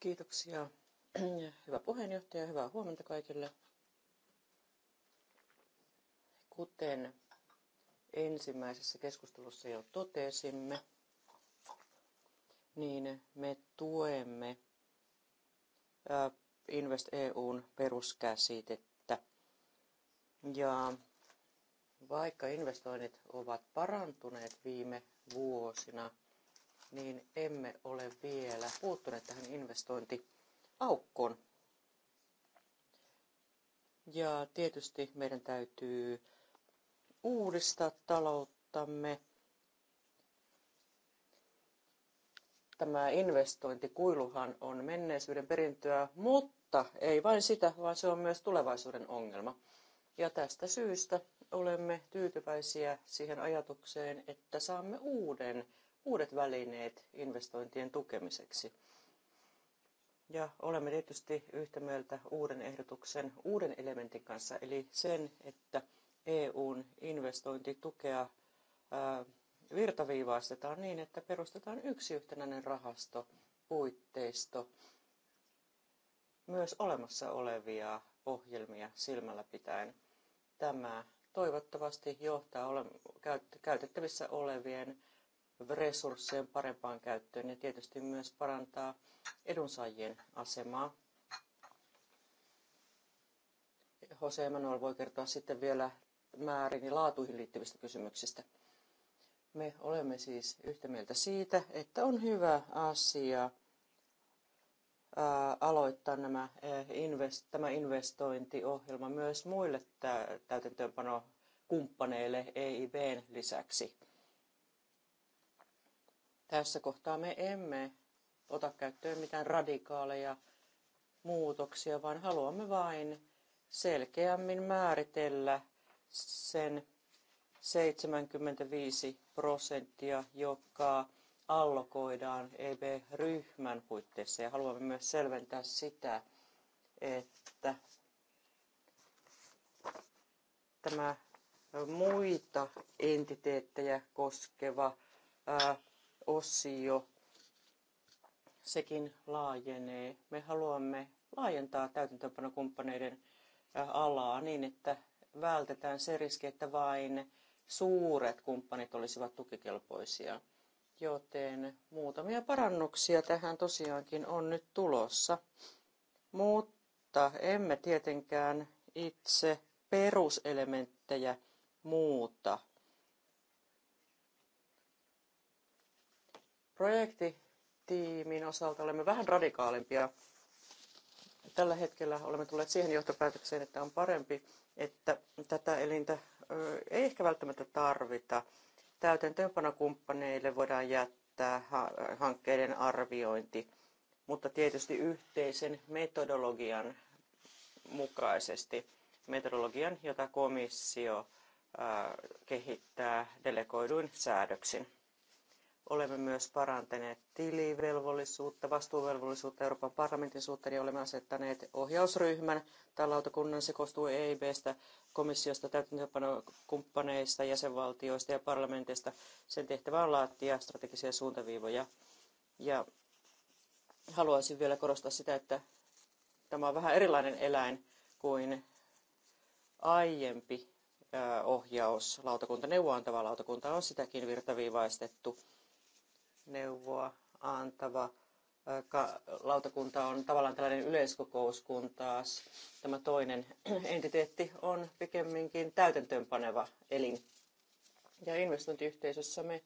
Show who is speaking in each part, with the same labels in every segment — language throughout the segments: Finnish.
Speaker 1: Kiitoksia. Hyvä puheenjohtaja, hyvää huomenta kaikille. Kuten ensimmäisessä keskustelussa jo totesimme, niin me tuemme Invest EUn peruskäsitettä. Ja vaikka investoinnit ovat parantuneet viime vuosina, niin emme ole vielä puuttuneet tähän investointiaukkoon. Ja tietysti meidän täytyy uudistaa talouttamme. Tämä investointikuiluhan on menneisyyden perintöä, mutta ei vain sitä, vaan se on myös tulevaisuuden ongelma. Ja tästä syystä olemme tyytyväisiä siihen ajatukseen, että saamme uuden uudet välineet investointien tukemiseksi. Ja olemme tietysti yhtä mieltä uuden ehdotuksen uuden elementin kanssa, eli sen, että EUn investointitukea ää, virtaviivaistetaan niin, että perustetaan yksi yhtenäinen rahasto, puitteisto, myös olemassa olevia ohjelmia silmällä pitäen. Tämä toivottavasti johtaa ole, käytettävissä olevien resurssien parempaan käyttöön ja tietysti myös parantaa edunsaajien asemaa. Jose Emanuel voi kertoa sitten vielä määrin ja laatuihin liittyvistä kysymyksistä. Me olemme siis yhtä mieltä siitä, että on hyvä asia aloittaa nämä invest, tämä investointiohjelma myös muille täytäntöönpanokumppaneille EIBn lisäksi. Tässä kohtaa me emme ota käyttöön mitään radikaaleja muutoksia, vaan haluamme vain selkeämmin määritellä sen 75 prosenttia, joka allokoidaan EB-ryhmän puitteissa. Ja haluamme myös selventää sitä, että tämä muita entiteettejä koskeva ää, osio, sekin laajenee. Me haluamme laajentaa täytäntöönpanokumppaneiden alaa niin, että vältetään se riski, että vain suuret kumppanit olisivat tukikelpoisia. Joten muutamia parannuksia tähän tosiaankin on nyt tulossa. Mutta emme tietenkään itse peruselementtejä muuta. Projektitiimin osalta olemme vähän radikaalimpia. Tällä hetkellä olemme tulleet siihen johtopäätökseen, että on parempi, että tätä elintä ei ehkä välttämättä tarvita. Täytäntöönpanokumppaneille voidaan jättää hankkeiden arviointi, mutta tietysti yhteisen metodologian mukaisesti. Metodologian, jota komissio kehittää delegoiduin säädöksin. Olemme myös parantaneet tilivelvollisuutta, vastuuvelvollisuutta Euroopan parlamentin suhteen ja olemme asettaneet ohjausryhmän. Tämä lautakunnan se koostuu EIBstä, komissiosta, täytäntöönpanokumppaneista, jäsenvaltioista ja parlamenteista. Sen tehtävä on laatia strategisia suuntaviivoja. Ja haluaisin vielä korostaa sitä, että tämä on vähän erilainen eläin kuin aiempi ohjaus, lautakunta, neuvoantava lautakunta on sitäkin virtaviivaistettu neuvoa antava lautakunta on tavallaan tällainen yleiskokous, kun taas tämä toinen entiteetti on pikemminkin täytäntöönpaneva elin. Ja investointiyhteisössä me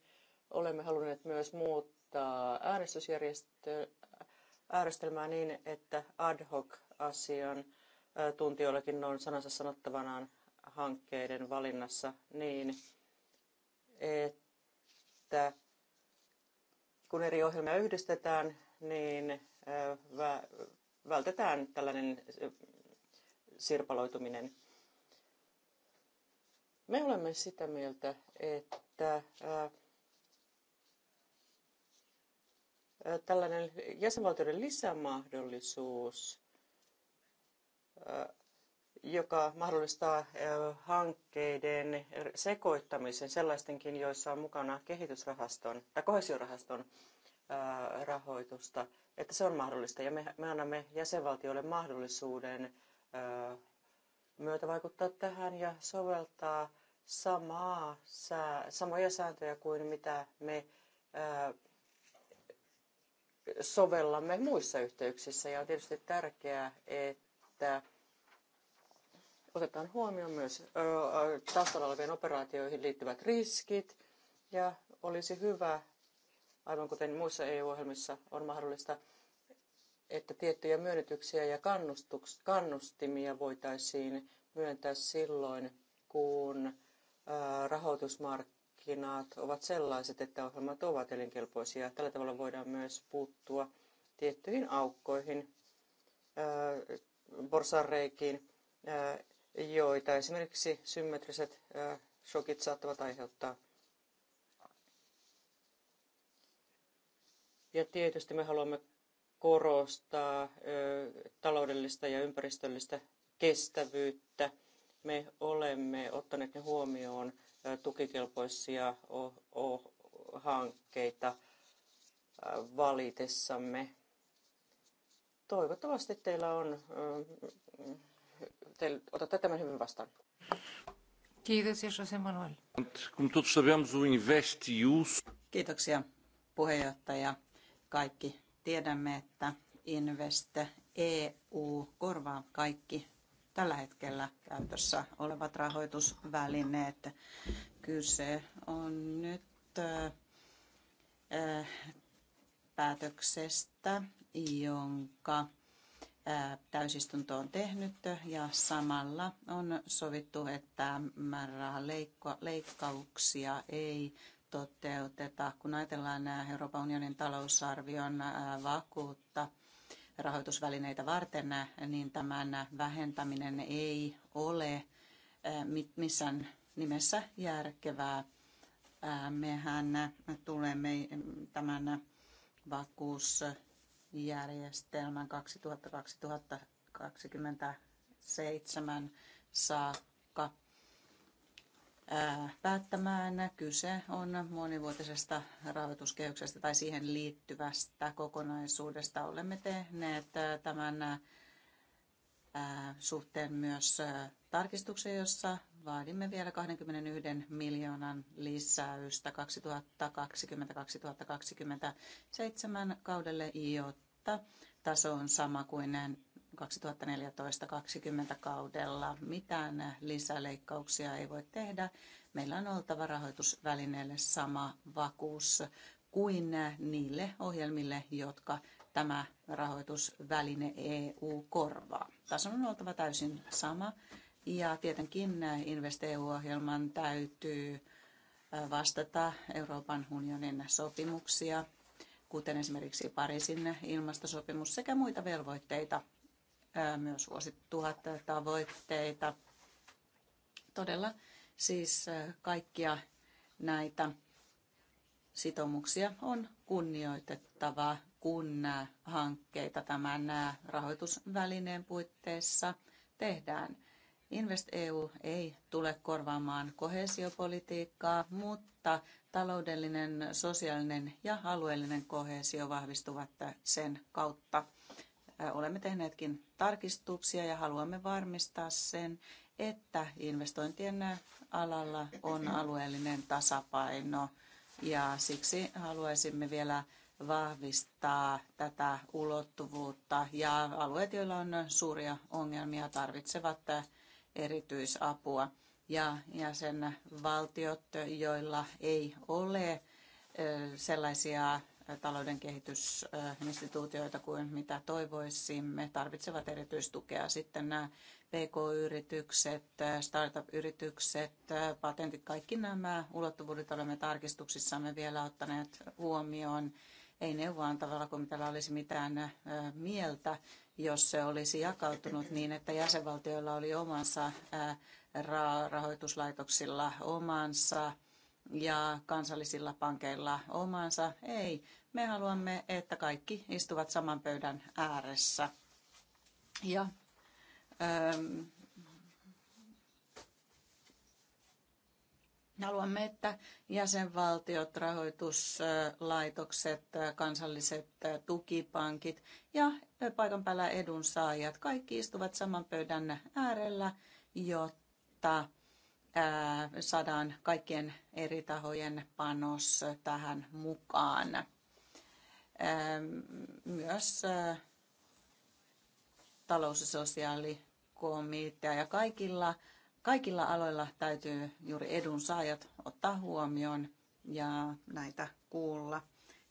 Speaker 1: olemme halunneet myös muuttaa äänestysjärjestelmää niin, että ad hoc asian tuntijoillakin on sanansa sanottavanaan hankkeiden valinnassa niin, että kun eri ohjelmia yhdistetään, niin vältetään tällainen sirpaloituminen. Me olemme sitä mieltä, että tällainen jäsenvaltioiden lisämahdollisuus joka mahdollistaa hankkeiden sekoittamisen sellaistenkin, joissa on mukana kehitysrahaston tai kohesiorahaston rahoitusta, että se on mahdollista. Ja me, me annamme jäsenvaltioille mahdollisuuden myötä vaikuttaa tähän ja soveltaa samaa, samoja sääntöjä kuin mitä me sovellamme muissa yhteyksissä. Ja on tietysti tärkeää, että otetaan huomioon myös taustalla oleviin operaatioihin liittyvät riskit ja olisi hyvä, aivan kuten muissa EU-ohjelmissa on mahdollista, että tiettyjä myönnytyksiä ja kannustimia voitaisiin myöntää silloin, kun rahoitusmarkkinat ovat sellaiset, että ohjelmat ovat elinkelpoisia. Tällä tavalla voidaan myös puuttua tiettyihin aukkoihin, porsanreikiin joita esimerkiksi symmetriset shokit saattavat aiheuttaa. Ja tietysti me haluamme korostaa taloudellista ja ympäristöllistä kestävyyttä. Me olemme ottaneet ne huomioon tukikelpoisia hankkeita valitessamme. Toivottavasti teillä on te otatte tämän hyvin vastaan.
Speaker 2: Kiitos, Manuel.
Speaker 3: Kiitoksia, puheenjohtaja. Kaikki tiedämme, että Invest EU korvaa kaikki tällä hetkellä käytössä olevat rahoitusvälineet. Kyse on nyt eh, eh, päätöksestä, jonka täysistunto on tehnyt ja samalla on sovittu, että määrärahan leikkauksia ei toteuteta. Kun ajatellaan Euroopan unionin talousarvion vakuutta rahoitusvälineitä varten, niin tämän vähentäminen ei ole missään nimessä järkevää. Mehän tulemme tämän vakuus järjestelmän 2027 saakka päättämään. Kyse on monivuotisesta rahoituskehyksestä tai siihen liittyvästä kokonaisuudesta. Olemme tehneet tämän suhteen myös tarkistuksen, jossa vaadimme vielä 21 miljoonan lisäystä 2020-2027 kaudelle, jotta taso on sama kuin 2014-2020 kaudella. Mitään lisäleikkauksia ei voi tehdä. Meillä on oltava rahoitusvälineelle sama vakuus kuin niille ohjelmille, jotka tämä rahoitusväline EU korvaa. Tason on oltava täysin sama ja tietenkin InvestEU-ohjelman täytyy vastata Euroopan unionin sopimuksia, kuten esimerkiksi Pariisin ilmastosopimus sekä muita velvoitteita, myös vuosituhat tavoitteita. Todella siis kaikkia näitä sitoumuksia on kunnioitettava, kun hankkeita tämän rahoitusvälineen puitteissa tehdään. Invest EU ei tule korvaamaan kohesiopolitiikkaa, mutta taloudellinen, sosiaalinen ja alueellinen kohesio vahvistuvat sen kautta. Olemme tehneetkin tarkistuksia ja haluamme varmistaa sen, että investointien alalla on alueellinen tasapaino ja siksi haluaisimme vielä vahvistaa tätä ulottuvuutta ja alueet, joilla on suuria ongelmia, tarvitsevat erityisapua. Ja jäsenvaltiot, joilla ei ole sellaisia talouden kehitysinstituutioita kuin mitä toivoisimme, tarvitsevat erityistukea. Sitten nämä PK-yritykset, startup-yritykset, patentit, kaikki nämä ulottuvuudet olemme tarkistuksissamme vielä ottaneet huomioon. Ei neuvoa antavalla kun täällä olisi mitään mieltä, jos se olisi jakautunut niin, että jäsenvaltioilla oli omansa rahoituslaitoksilla omansa ja kansallisilla pankeilla omansa. Ei, me haluamme, että kaikki istuvat saman pöydän ääressä. Ja ähm, Haluamme, että jäsenvaltiot, rahoituslaitokset, kansalliset tukipankit ja paikan päällä edunsaajat, kaikki istuvat saman pöydän äärellä, jotta saadaan kaikkien eri tahojen panos tähän mukaan. Myös talous- ja sosiaalikomitea ja kaikilla kaikilla aloilla täytyy juuri edunsaajat ottaa huomioon ja näitä kuulla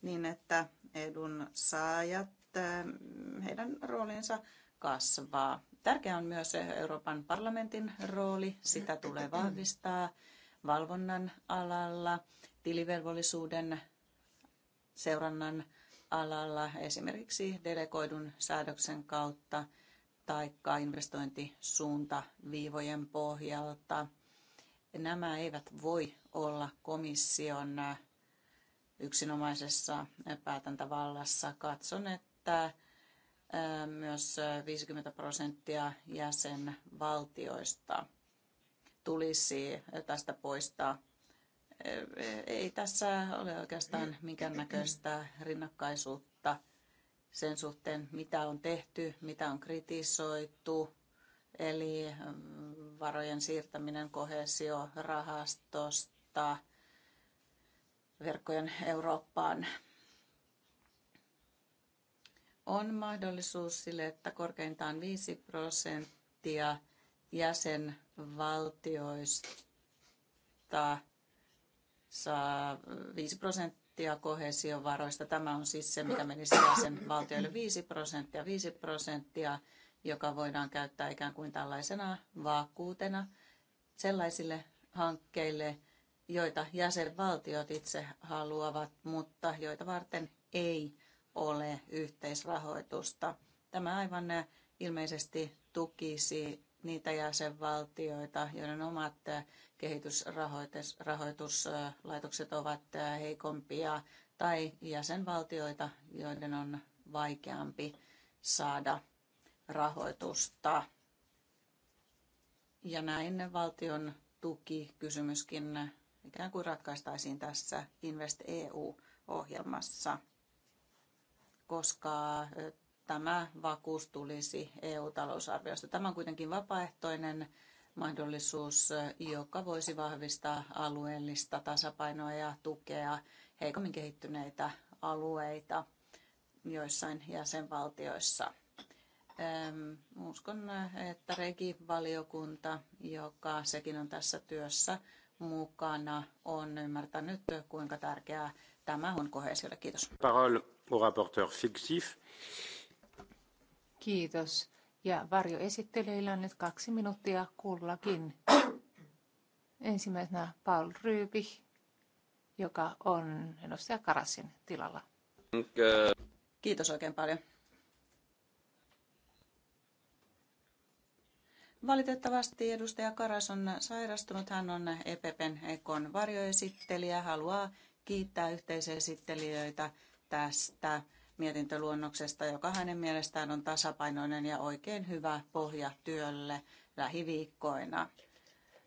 Speaker 3: niin, että edunsaajat, eh, heidän roolinsa kasvaa. Tärkeää on myös Euroopan parlamentin rooli. Sitä tulee vahvistaa valvonnan alalla, tilivelvollisuuden seurannan alalla, esimerkiksi delegoidun säädöksen kautta – tai investointisuuntaviivojen pohjalta. Nämä eivät voi olla komission äh, yksinomaisessa äh, päätäntävallassa. Katson, että äh, myös 50 prosenttia jäsenvaltioista tulisi tästä poistaa. Ei tässä ole oikeastaan minkäännäköistä rinnakkaisuutta sen suhteen, mitä on tehty, mitä on kritisoitu, eli mm, varojen siirtäminen kohesiorahastosta verkkojen Eurooppaan on mahdollisuus sille, että korkeintaan 5 prosenttia jäsenvaltioista saa 5 prosenttia prosenttia kohesiovaroista. Tämä on siis se, mikä menisi jäsenvaltioille 5 prosenttia, 5 prosenttia, joka voidaan käyttää ikään kuin tällaisena vakuutena sellaisille hankkeille, joita jäsenvaltiot itse haluavat, mutta joita varten ei ole yhteisrahoitusta. Tämä aivan ilmeisesti tukisi niitä jäsenvaltioita, joiden omat kehitysrahoituslaitokset ovat heikompia, tai jäsenvaltioita, joiden on vaikeampi saada rahoitusta. Ja näin valtion tukikysymyskin ikään kuin ratkaistaisiin tässä Invest EU-ohjelmassa, koska tämä vakuus tulisi EU-talousarviosta. Tämä on kuitenkin vapaaehtoinen mahdollisuus, joka voisi vahvistaa alueellista tasapainoa ja tukea heikommin kehittyneitä alueita joissain jäsenvaltioissa. Uskon, että Regi-valiokunta, joka sekin on tässä työssä mukana, on ymmärtänyt, kuinka
Speaker 2: tärkeää tämä on kohesiolle. Kiitos.
Speaker 4: Parole au rapporteur fictif.
Speaker 2: Kiitos. Ja varjo on nyt kaksi minuuttia kullakin. Ensimmäisenä Paul Ryypi, joka on edustaja Karasin tilalla. Kiitos oikein paljon.
Speaker 3: Valitettavasti edustaja Karas on sairastunut. Hän on EPPn Ekon varjoesittelijä. Haluaa kiittää yhteisesittelijöitä tästä mietintöluonnoksesta, joka hänen mielestään on tasapainoinen ja oikein hyvä pohja työlle lähiviikkoina.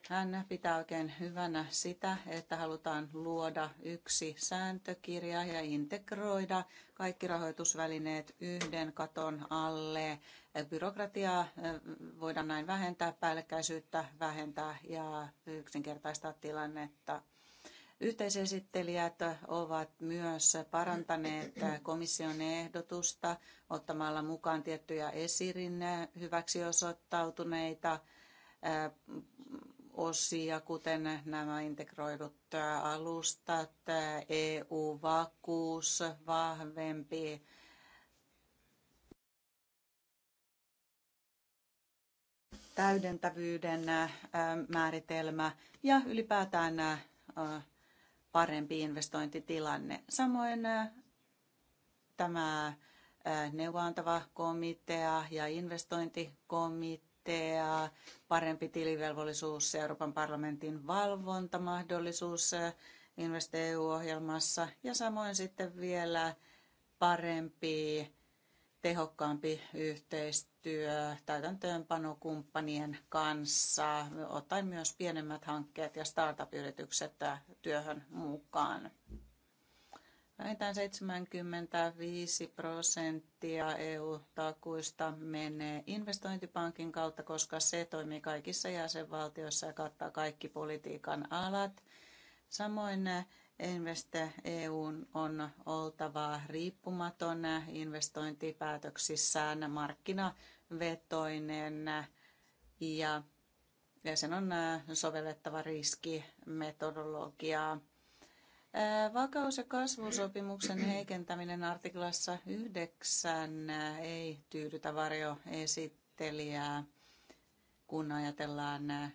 Speaker 3: Hän pitää oikein hyvänä sitä, että halutaan luoda yksi sääntökirja ja integroida kaikki rahoitusvälineet yhden katon alle. Byrokratiaa voidaan näin vähentää, päällekkäisyyttä vähentää ja yksinkertaistaa tilannetta. Yhteisesittelijät ovat myös parantaneet komission ehdotusta ottamalla mukaan tiettyjä esirin hyväksi osoittautuneita osia, kuten nämä integroidut alustat, EU-vakuus, vahvempi täydentävyyden määritelmä ja ylipäätään parempi investointitilanne. Samoin äh, tämä äh, neuvoantava komitea ja investointikomitea, parempi tilivelvollisuus, Euroopan parlamentin valvontamahdollisuus äh, InvestEU-ohjelmassa ja samoin sitten vielä parempi tehokkaampi yhteistyö täytäntöönpanokumppanien kanssa, ottaen myös pienemmät hankkeet ja startup-yritykset työhön mukaan. Vähintään 75 prosenttia EU-takuista menee investointipankin kautta, koska se toimii kaikissa jäsenvaltioissa ja kattaa kaikki politiikan alat. Samoin Investe EUn on oltava riippumaton investointipäätöksissään markkinavetoinen ja sen on sovellettava riskimetodologiaa. Vakaus- ja kasvusopimuksen heikentäminen artiklassa 9 ei tyydytä varjoesittelijää, kun ajatellaan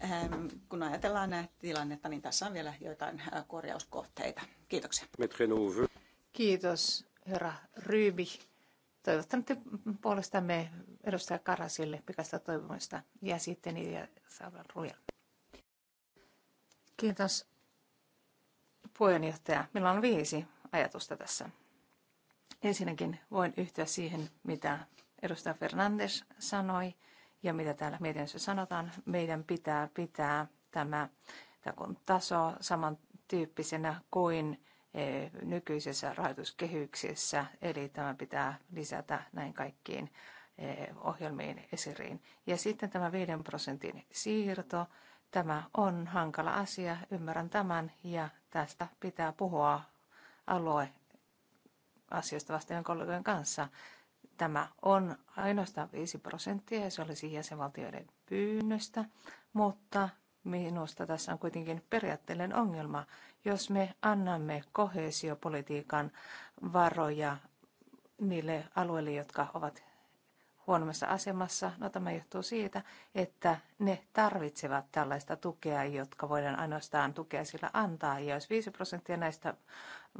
Speaker 3: Ehm, kun ajatellaan näitä tilannetta, niin tässä on vielä joitain äh, korjauskohteita. Kiitoksia.
Speaker 2: Kiitos, herra Ryybi. Toivotan te puolestamme edustaja Karasille pikaista toivomista ja sitten Ilja Saulan Rujel. Kiitos, puheenjohtaja. Meillä on viisi ajatusta tässä. Ensinnäkin voin yhtyä siihen, mitä edustaja Fernandes sanoi – ja mitä täällä mietinnössä sanotaan, meidän pitää pitää tämä, tämä taso samantyyppisenä kuin e, nykyisessä rahoituskehyksessä, eli tämä pitää lisätä näin kaikkiin e, ohjelmiin esiriin. Ja sitten tämä 5 prosentin siirto, tämä on hankala asia, ymmärrän tämän, ja tästä pitää puhua alue asioista vastaavien kollegojen kanssa. Tämä on ainoastaan 5 prosenttia ja se olisi siis jäsenvaltioiden pyynnöstä, mutta minusta tässä on kuitenkin periaatteellinen ongelma. Jos me annamme kohesiopolitiikan varoja niille alueille, jotka ovat huonommassa asemassa. No tämä johtuu siitä, että ne tarvitsevat tällaista tukea, jotka voidaan ainoastaan tukea sillä antaa. Ja jos 5 prosenttia näistä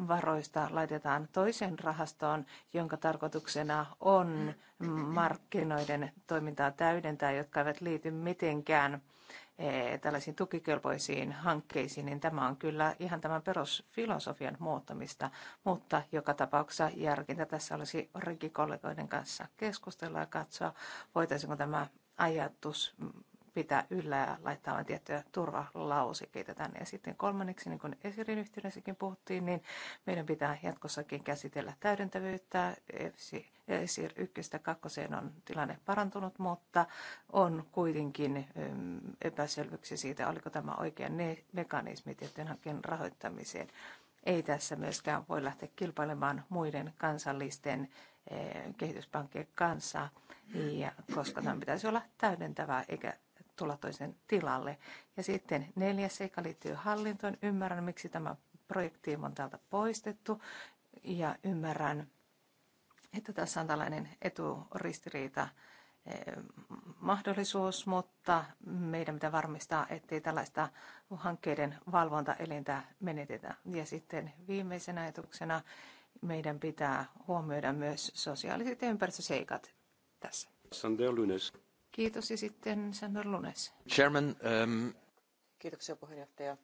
Speaker 2: varoista laitetaan toiseen rahastoon, jonka tarkoituksena on markkinoiden toimintaa täydentää, jotka eivät liity mitenkään Eh, tällaisiin tukikelpoisiin hankkeisiin, niin tämä on kyllä ihan tämän perusfilosofian muuttamista, mutta joka tapauksessa järkintä tässä olisi rikikollegoiden kanssa keskustella ja katsoa, voitaisiinko tämä ajatus pitää yllä ja laittaa vain tiettyjä turvalausikeita tänne. Ja sitten kolmanneksi, niin kuin Esirin yhteydessäkin puhuttiin, niin meidän pitää jatkossakin käsitellä täydentävyyttä. Esir 1 kakkoseen on tilanne parantunut, mutta on kuitenkin epäselvyyksiä siitä, oliko tämä oikea mekanismi tiettyjen hankkeen rahoittamiseen. Ei tässä myöskään voi lähteä kilpailemaan muiden kansallisten eh, kehityspankkien kanssa, ja koska tämä pitäisi olla täydentävää eikä tulla toisen tilalle. Ja sitten neljäs seikka liittyy hallintoon. Ymmärrän, miksi tämä projekti on täältä poistettu ja ymmärrän, että tässä on tällainen eturistiriita eh, mahdollisuus, mutta meidän pitää varmistaa, ettei tällaista hankkeiden valvontaelintä menetetä. Ja sitten viimeisenä ajatuksena meidän pitää huomioida myös sosiaaliset ja ympäristöseikat
Speaker 5: tässä. Lunes.
Speaker 2: Kiitos ja sitten Sander Lunes.
Speaker 5: Chairman, um...
Speaker 2: Kiitoksia puheenjohtaja.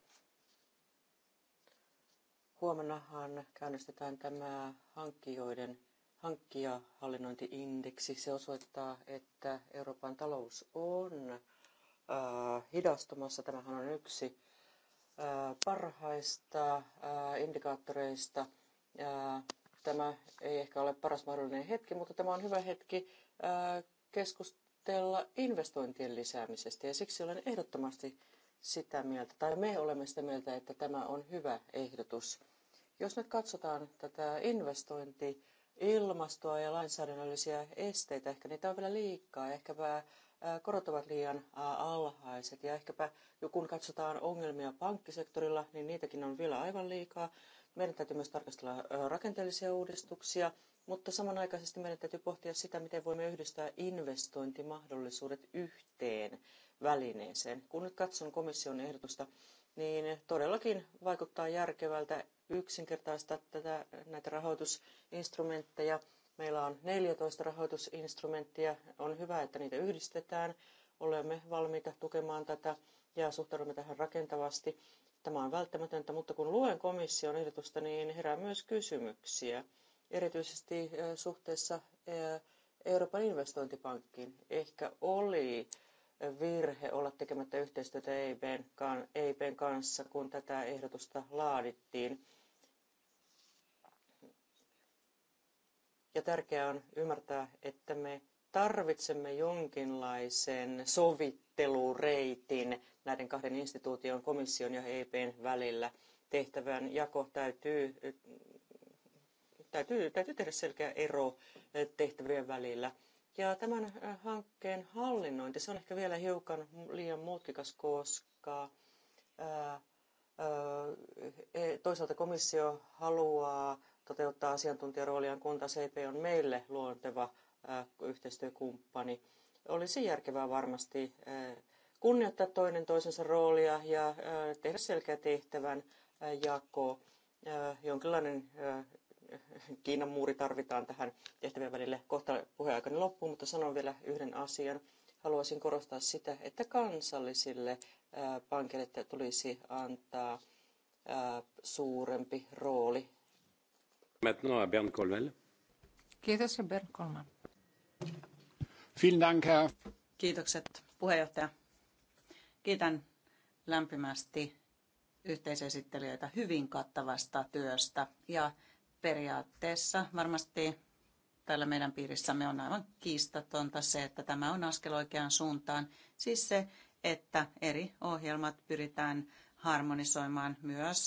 Speaker 1: Huomennahan käynnistetään tämä hankkijoiden hankkijahallinnointiindeksi. Se osoittaa, että Euroopan talous on äh, hidastumassa. Tämähän on yksi äh, parhaista äh, indikaattoreista. Äh, tämä ei ehkä ole paras mahdollinen hetki, mutta tämä on hyvä hetki äh, keskustella keskustella investointien lisäämisestä ja siksi olen ehdottomasti sitä mieltä, tai me olemme sitä mieltä, että tämä on hyvä ehdotus. Jos nyt katsotaan tätä investointi, ilmastoa ja lainsäädännöllisiä esteitä, ehkä niitä on vielä liikaa, ehkäpä korot ovat liian alhaiset ja ehkäpä kun katsotaan ongelmia pankkisektorilla, niin niitäkin on vielä aivan liikaa. Meidän täytyy myös tarkastella rakenteellisia uudistuksia, mutta samanaikaisesti meidän täytyy pohtia sitä, miten voimme yhdistää investointimahdollisuudet yhteen välineeseen. Kun nyt katson komission ehdotusta, niin todellakin vaikuttaa järkevältä yksinkertaistaa tätä, näitä rahoitusinstrumentteja. Meillä on 14 rahoitusinstrumenttia. On hyvä, että niitä yhdistetään. Olemme valmiita tukemaan tätä ja suhtaudumme tähän rakentavasti. Tämä on välttämätöntä, mutta kun luen komission ehdotusta, niin herää myös kysymyksiä erityisesti suhteessa Euroopan investointipankkiin. Ehkä oli virhe olla tekemättä yhteistyötä EIPn e kanssa, kun tätä ehdotusta laadittiin. Ja tärkeää on ymmärtää, että me tarvitsemme jonkinlaisen sovittelureitin näiden kahden instituution, komission ja EIPn välillä. Tehtävän jako täytyy täytyy, täytyy tehdä selkeä ero eh, tehtävien välillä. Ja tämän eh, hankkeen hallinnointi, se on ehkä vielä hiukan liian mutkikas, koska ää, eh, toisaalta komissio haluaa toteuttaa asiantuntijarooliaan, kun taas EP on meille luonteva yhteistyökumppani. Olisi järkevää varmasti kunnioittaa toinen toisensa roolia ja tehdä selkeä tehtävän jako, jonkinlainen Kiinan muuri tarvitaan tähän tehtävien välille kohta puheaikani loppuun, mutta sanon vielä yhden asian. Haluaisin korostaa sitä, että kansallisille pankeille tulisi antaa suurempi rooli. Maintenant Bernd Kolmel.
Speaker 2: Kiitos ja Bernd Kolman.
Speaker 6: Vielen Dank, Herr.
Speaker 3: Kiitokset puheenjohtaja. Kiitän lämpimästi yhteisesittelijöitä hyvin kattavasta työstä ja periaatteessa varmasti täällä meidän piirissämme on aivan kiistatonta se, että tämä on askel oikeaan suuntaan. Siis se, että eri ohjelmat pyritään harmonisoimaan myös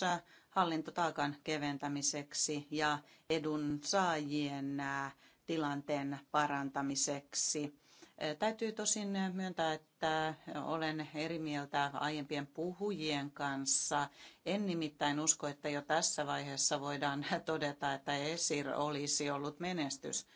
Speaker 3: hallintotaakan keventämiseksi ja edunsaajien tilanteen parantamiseksi. Täytyy tosin myöntää, että olen eri mieltä aiempien puhujien kanssa. En nimittäin usko, että jo tässä vaiheessa voidaan todeta, että Esir olisi ollut menestys.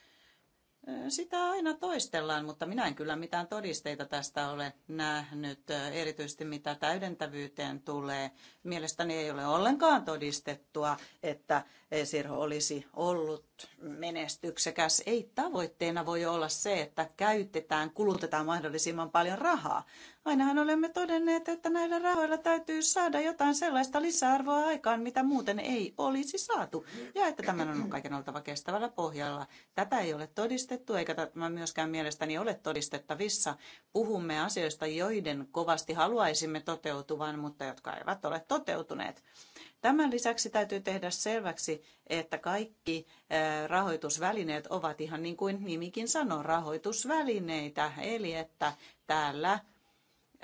Speaker 3: Sitä aina toistellaan, mutta minä en kyllä mitään todisteita tästä ole nähnyt, erityisesti mitä täydentävyyteen tulee. Mielestäni ei ole ollenkaan todistettua, että Sirho olisi ollut menestyksekäs. Ei tavoitteena voi olla se, että käytetään, kulutetaan mahdollisimman paljon rahaa, Ainahan olemme todenneet, että näillä rahoilla täytyy saada jotain sellaista lisäarvoa aikaan, mitä muuten ei olisi saatu. Ja että tämän on kaiken oltava kestävällä pohjalla. Tätä ei ole todistettu, eikä tämä myöskään mielestäni ole todistettavissa. Puhumme asioista, joiden kovasti haluaisimme toteutuvan, mutta jotka eivät ole toteutuneet. Tämän lisäksi täytyy tehdä selväksi, että kaikki rahoitusvälineet ovat ihan niin kuin nimikin sanoo, rahoitusvälineitä, eli että täällä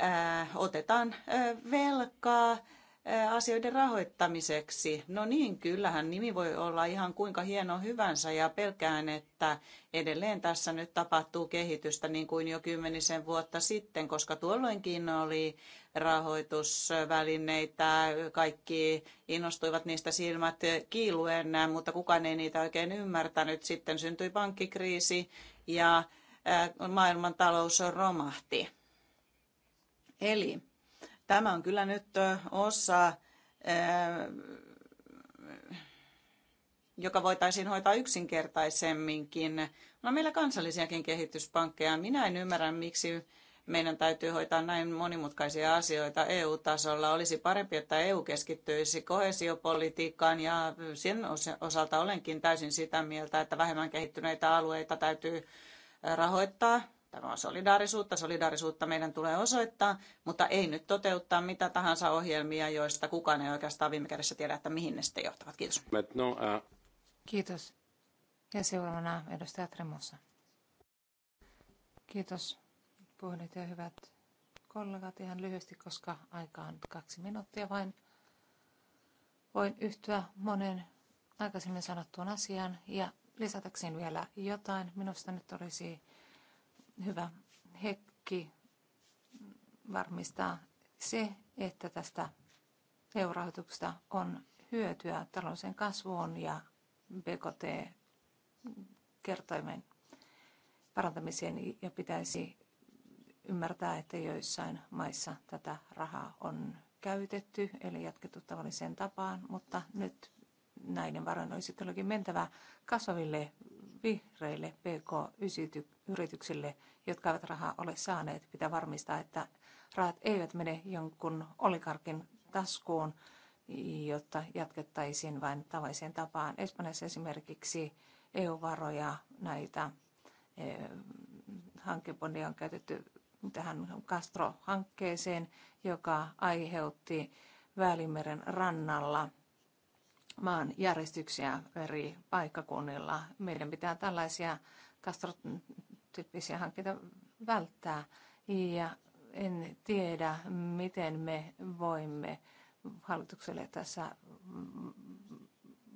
Speaker 3: Äh, otetaan äh, velkaa äh, asioiden rahoittamiseksi. No niin, kyllähän nimi voi olla ihan kuinka hieno hyvänsä ja pelkään, että edelleen tässä nyt tapahtuu kehitystä niin kuin jo kymmenisen vuotta sitten, koska tuolloinkin oli rahoitusvälineitä, kaikki innostuivat niistä silmät kiiluen, mutta kukaan ei niitä oikein ymmärtänyt. Sitten syntyi pankkikriisi ja maailmantalous romahti Eli tämä on kyllä nyt osa, joka voitaisiin hoitaa yksinkertaisemminkin. No meillä kansallisiakin kehityspankkeja. Minä en ymmärrä, miksi meidän täytyy hoitaa näin monimutkaisia asioita EU-tasolla. Olisi parempi, että EU keskittyisi kohesiopolitiikkaan ja sen osalta olenkin täysin sitä mieltä, että vähemmän kehittyneitä alueita täytyy rahoittaa Tämä on solidaarisuutta. Solidaarisuutta meidän tulee osoittaa, mutta ei nyt toteuttaa mitä tahansa ohjelmia, joista kukaan ei oikeastaan viime kädessä tiedä, että mihin ne sitten johtavat. Kiitos.
Speaker 6: Euh,
Speaker 2: Kiitos. Ja seuraavana edustaja Tremossa. Kiitos puhdit ja hyvät kollegat ihan lyhyesti, koska aika on kaksi minuuttia vain. Voin yhtyä monen aikaisemmin sanottuun asiaan ja lisätäkseen vielä jotain. Minusta nyt olisi hyvä hetki varmistaa se, että tästä EU-rahoituksesta on hyötyä talouden kasvuun ja BKT-kertoimen parantamiseen ja pitäisi ymmärtää, että joissain maissa tätä rahaa on käytetty, eli jatkettu tavalliseen tapaan, mutta nyt näiden varojen olisi todellakin mentävä kasvaville vihreille PK-yrityksille, jotka eivät rahaa ole saaneet. Pitää varmistaa, että rahat eivät mene jonkun olikarkin taskuun, jotta jatkettaisiin vain tavalliseen tapaan. Espanjassa esimerkiksi EU-varoja näitä eh, hankebondia on käytetty tähän Castro-hankkeeseen, joka aiheutti Välimeren rannalla maan järjestyksiä eri paikkakunnilla. Meidän pitää tällaisia kastrotyyppisiä hankkeita välttää. Ja en tiedä, miten me voimme hallitukselle tässä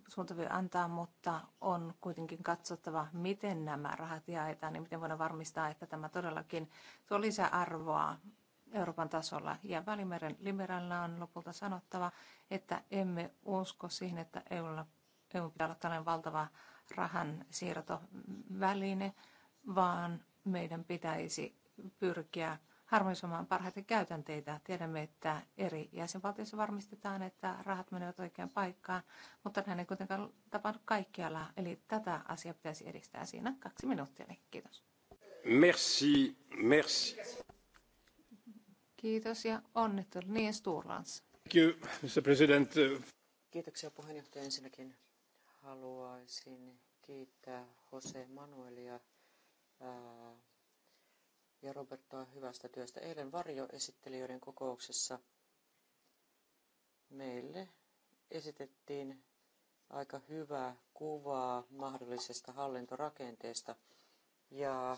Speaker 2: suuntavyö antaa, mutta on kuitenkin katsottava, miten nämä rahat jaetaan ja miten voidaan varmistaa, että tämä todellakin tuo lisäarvoa Euroopan tasolla. Ja Välimeren liberaalilla on lopulta sanottava, että emme usko siihen, että EUlla, EU pitää olla tällainen valtava rahan siirtoväline, vaan meidän pitäisi pyrkiä harmonisoimaan parhaita käytänteitä. Tiedämme, että eri jäsenvaltioissa varmistetaan, että rahat menevät oikeaan paikkaan, mutta näin ei kuitenkaan tapahdu kaikkialla. Eli tätä asiaa pitäisi edistää siinä kaksi minuuttia. Niin kiitos.
Speaker 5: Merci, merci.
Speaker 2: Kiitos ja onnittelut. Niin, Sturlans. Kiitoksia
Speaker 1: puheenjohtaja. Ensinnäkin haluaisin kiittää Jose Manuelia ja Robertoa hyvästä työstä. Eilen varjoesittelijöiden kokouksessa meille esitettiin aika hyvää kuvaa mahdollisesta hallintorakenteesta ja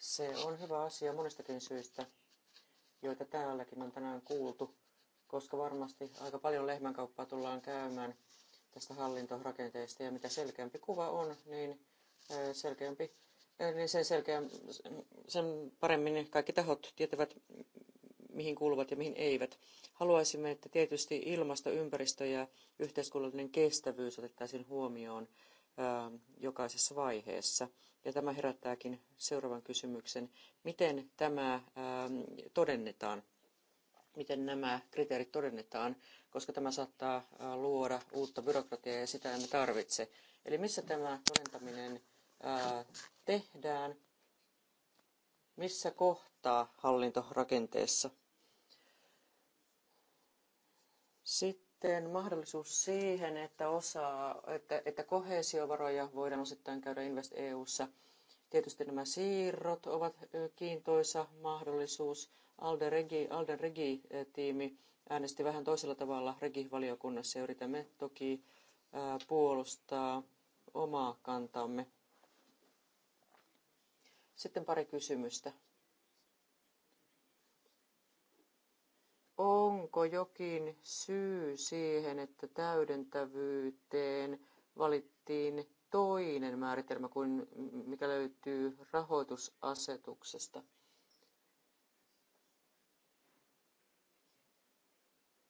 Speaker 1: se on hyvä asia monestakin syystä joita täälläkin on tänään kuultu, koska varmasti aika paljon lehmänkauppaa tullaan käymään tästä hallintorakenteesta ja mitä selkeämpi kuva on, niin selkeämpi niin sen, selkeä, sen paremmin kaikki tahot tietävät, mihin kuuluvat ja mihin eivät. Haluaisimme, että tietysti ilmasto, ympäristö ja yhteiskunnallinen kestävyys otettaisiin huomioon jokaisessa vaiheessa ja tämä herättääkin seuraavan kysymyksen. Miten tämä ähm, todennetaan? Miten nämä kriteerit todennetaan? Koska tämä saattaa äh, luoda uutta byrokratiaa ja sitä emme tarvitse. Eli missä tämä todentaminen äh, tehdään? Missä kohtaa hallintorakenteessa? Sitten sitten mahdollisuus siihen, että, osaa, että, että kohesiovaroja voidaan osittain käydä Invest EUssa. Tietysti nämä siirrot ovat kiintoisa mahdollisuus. Alden Regi, Alden Regi-tiimi äänesti vähän toisella tavalla Regi-valiokunnassa ja yritämme toki puolustaa omaa kantamme. Sitten pari kysymystä. onko jokin syy siihen, että täydentävyyteen valittiin toinen määritelmä kuin mikä löytyy rahoitusasetuksesta?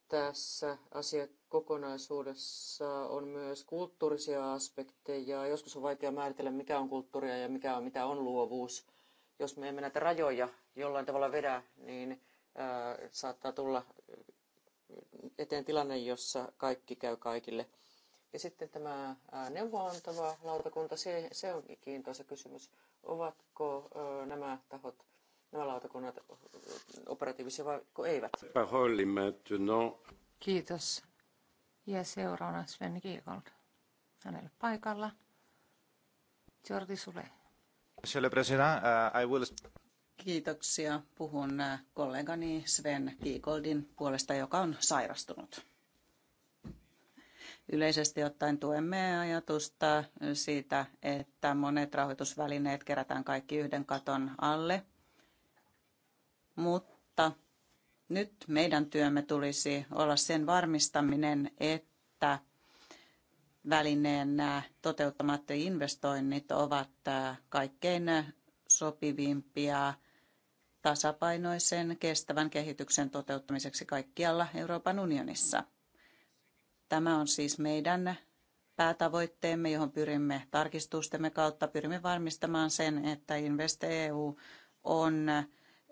Speaker 1: Tässä asiakokonaisuudessa on myös kulttuurisia aspekteja. Joskus on vaikea määritellä, mikä on kulttuuria ja mikä on, mitä on luovuus. Jos me emme näitä rajoja jollain tavalla vedä, niin saattaa tulla eteen tilanne, jossa kaikki käy kaikille. Ja sitten tämä neuvoantava lautakunta, se, se on kiintoisa kysymys. Ovatko nämä tahot, nämä lautakunnat operatiivisia vai eivät?
Speaker 2: Kiitos. Ja seuraavana Sven Giegold. Hänelle paikalla. Jordi Sule.
Speaker 4: Monsieur le Président, euh, I will...
Speaker 3: Kiitoksia. Puhun äh, kollegani Sven Kiikoldin puolesta, joka on sairastunut. Yleisesti ottaen tuemme ajatusta siitä, että monet rahoitusvälineet kerätään kaikki yhden katon alle, mutta nyt meidän työmme tulisi olla sen varmistaminen, että välineen äh, toteuttamat investoinnit ovat äh, kaikkein sopivimpia tasapainoisen kestävän kehityksen toteuttamiseksi kaikkialla Euroopan unionissa. Tämä on siis meidän päätavoitteemme, johon pyrimme tarkistustemme kautta. Pyrimme varmistamaan sen, että InvestEU on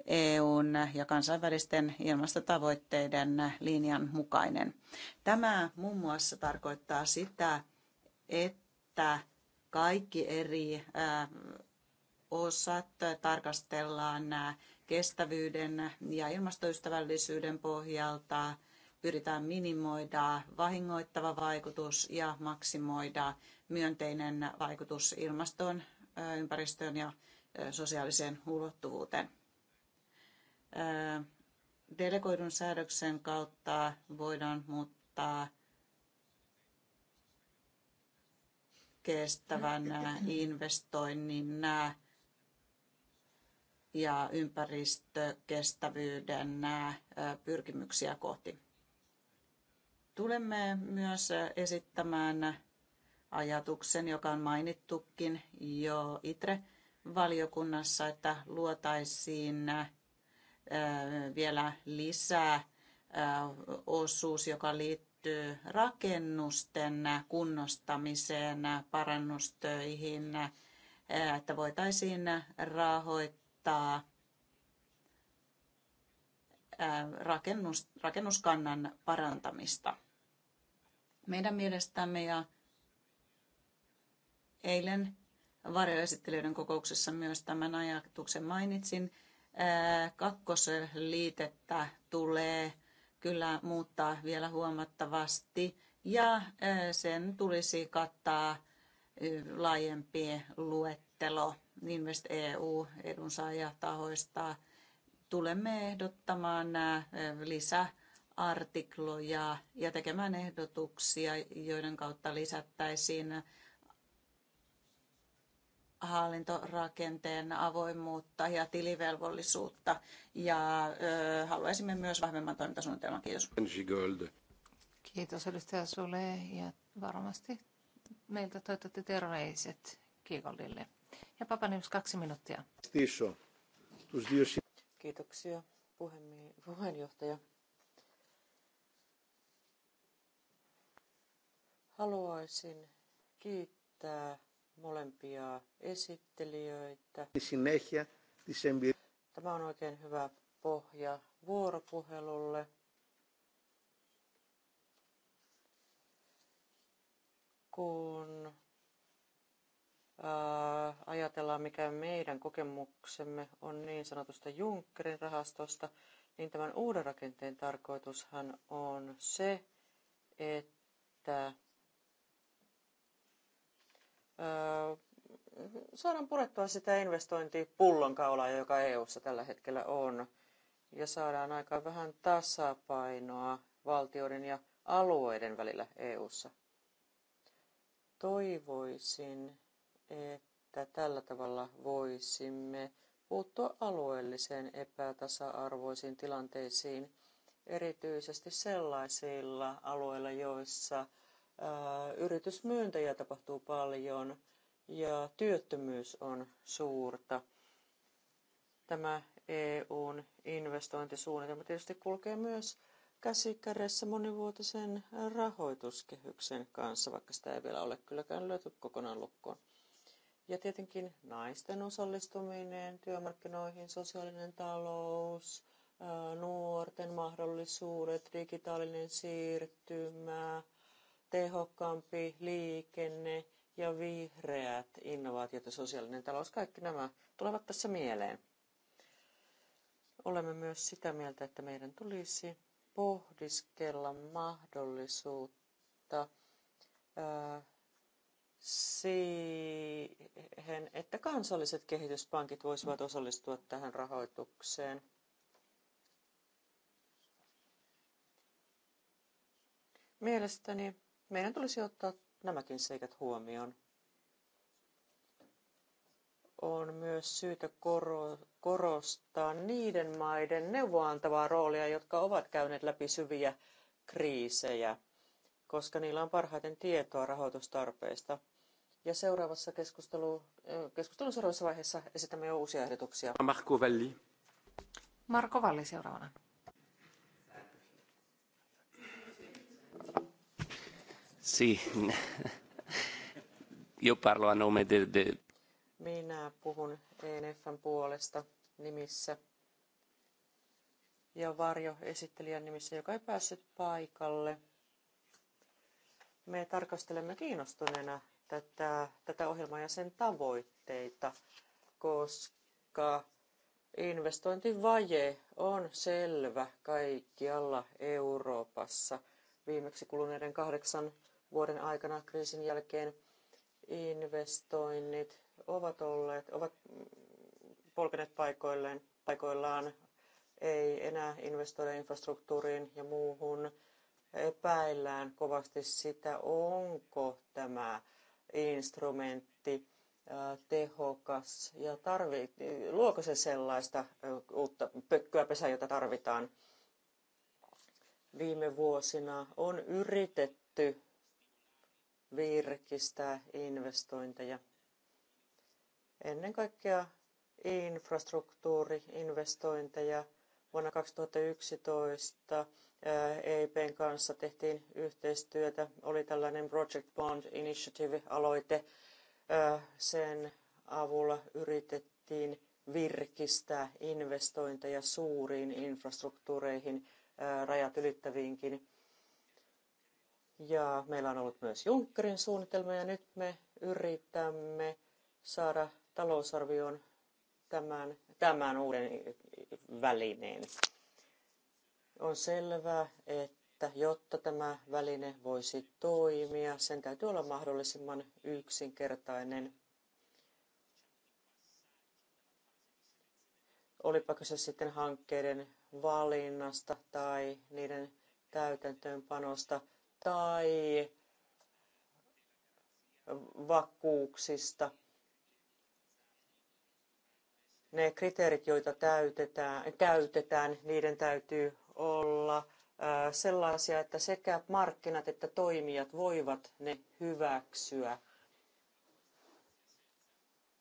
Speaker 3: EUn ja kansainvälisten ilmastotavoitteiden linjan mukainen. Tämä muun muassa tarkoittaa sitä, että kaikki eri osat tarkastellaan kestävyyden ja ilmastoystävällisyyden pohjalta pyritään minimoida vahingoittava vaikutus ja maksimoida myönteinen vaikutus ilmastoon, ympäristöön ja sosiaaliseen ulottuvuuteen. Delegoidun säädöksen kautta voidaan muuttaa kestävän investoinnin ja ympäristökestävyyden pyrkimyksiä kohti. Tulemme myös esittämään ajatuksen, joka on mainittukin jo itre valiokunnassa, että luotaisiin vielä lisää osuus, joka liittyy rakennusten kunnostamiseen, parannustöihin, että voitaisiin rahoittaa muuttaa rakennus, rakennuskannan parantamista. Meidän mielestämme ja eilen varjoesittelijöiden kokouksessa myös tämän ajatuksen mainitsin, kakkosliitettä tulee kyllä muuttaa vielä huomattavasti ja sen tulisi kattaa laajempi luettelo Invest EU edunsaajatahoista tulemme ehdottamaan lisäartikloja ja tekemään ehdotuksia, joiden kautta lisättäisiin hallintorakenteen avoimuutta ja tilivelvollisuutta. Ja ö, haluaisimme myös vahvemman toimintasuunnitelman. Kiitos.
Speaker 2: Kiitos edustaja Sule ja varmasti meiltä toivotatte terveiset Kiikollille. Ja Papanius kaksi minuuttia.
Speaker 1: Kiitoksia
Speaker 2: puheenjohtaja.
Speaker 1: Haluaisin kiittää molempia esittelijöitä. Tämä on oikein hyvä pohja vuoropuhelulle. Kun ajatellaan, mikä meidän kokemuksemme on niin sanotusta Junckerin rahastosta, niin tämän uuden rakenteen tarkoitushan on se, että saadaan purettua sitä investointipullonkaulaa, joka EU:ssa tällä hetkellä on, ja saadaan aika vähän tasapainoa valtioiden ja alueiden välillä EU:ssa. Toivoisin, että tällä tavalla voisimme puuttua alueelliseen epätasa-arvoisiin tilanteisiin, erityisesti sellaisilla alueilla, joissa yritysmyyntejä tapahtuu paljon ja työttömyys on suurta. Tämä EUn investointisuunnitelma tietysti kulkee myös käsikädessä monivuotisen rahoituskehyksen kanssa, vaikka sitä ei vielä ole kylläkään löyty kokonaan lukkoon. Ja tietenkin naisten osallistuminen työmarkkinoihin, sosiaalinen talous, nuorten mahdollisuudet, digitaalinen siirtymä, tehokkaampi liikenne ja vihreät innovaatiot ja sosiaalinen talous, kaikki nämä tulevat tässä mieleen. Olemme myös sitä mieltä, että meidän tulisi pohdiskella mahdollisuutta siihen, että kansalliset kehityspankit voisivat osallistua tähän rahoitukseen. Mielestäni meidän tulisi ottaa nämäkin seikat huomioon. On myös syytä korostaa niiden maiden neuvoantavaa roolia, jotka ovat käyneet läpi syviä kriisejä koska niillä on parhaiten tietoa rahoitustarpeista. Ja seuraavassa keskustelu, keskustelun seuraavassa vaiheessa esitämme jo uusia ehdotuksia.
Speaker 4: Marko Valli.
Speaker 2: Marko Valli seuraavana.
Speaker 4: Si, io parlo a nome de, De...
Speaker 1: Minä puhun ENFn puolesta nimissä ja varjo esittelijän nimissä, joka ei päässyt paikalle. Me tarkastelemme kiinnostuneena tätä, tätä ohjelmaa ja sen tavoitteita, koska investointivaje on selvä kaikkialla Euroopassa. Viimeksi kuluneiden kahdeksan vuoden aikana kriisin jälkeen investoinnit ovat olleet, ovat polkeneet paikoilleen, paikoillaan. Ei enää investoida infrastruktuuriin ja muuhun epäillään kovasti sitä, onko tämä instrumentti tehokas ja tarvi, luoko se sellaista uutta pökköä pesää, jota tarvitaan. Viime vuosina on yritetty virkistää investointeja. Ennen kaikkea infrastruktuuriinvestointeja vuonna 2011 EIPn kanssa tehtiin yhteistyötä. Oli tällainen Project Bond Initiative-aloite. Sen avulla yritettiin virkistää investointeja suuriin infrastruktuureihin, rajat ylittäviinkin. Ja meillä on ollut myös Junckerin suunnitelma ja nyt me yritämme saada talousarvioon tämän, tämän uuden välineen. On selvää, että jotta tämä väline voisi toimia, sen täytyy olla mahdollisimman yksinkertainen. Olipa kyse sitten hankkeiden valinnasta tai niiden täytäntöönpanosta tai vakuuksista. Ne kriteerit, joita täytetään, käytetään, niiden täytyy olla sellaisia, että sekä markkinat että toimijat voivat ne hyväksyä.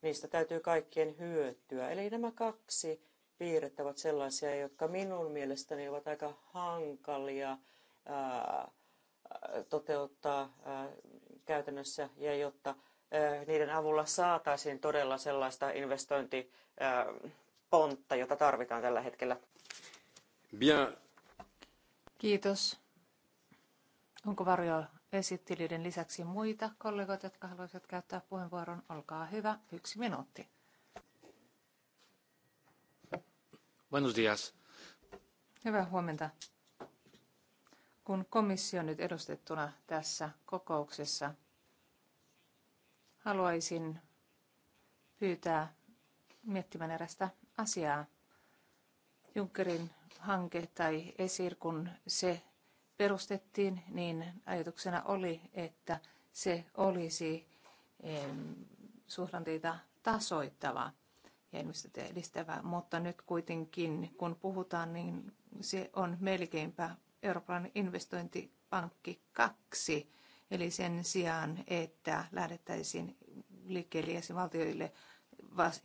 Speaker 1: Niistä täytyy kaikkien hyötyä. Eli nämä kaksi piirrettä ovat sellaisia, jotka minun mielestäni ovat aika hankalia toteuttaa käytännössä ja jotta niiden avulla saataisiin todella sellaista investointipontta, jota tarvitaan tällä hetkellä. Bien.
Speaker 2: Kiitos. Onko varjo esittelyiden lisäksi muita kollegoita, jotka haluaisivat käyttää puheenvuoron? Olkaa hyvä, yksi minuutti.
Speaker 4: Buenos días.
Speaker 2: Hyvää huomenta. Kun komissio on nyt edustettuna tässä kokouksessa, haluaisin pyytää miettimään erästä asiaa. Junckerin hanke tai ESIR, kun se perustettiin, niin ajatuksena oli, että se olisi suhdanteita tasoittava ja ilmestytä edistävä, mutta nyt kuitenkin kun puhutaan, niin se on melkeinpä Euroopan investointipankki 2, eli sen sijaan, että lähdettäisiin liikkeelle jäsenvaltioille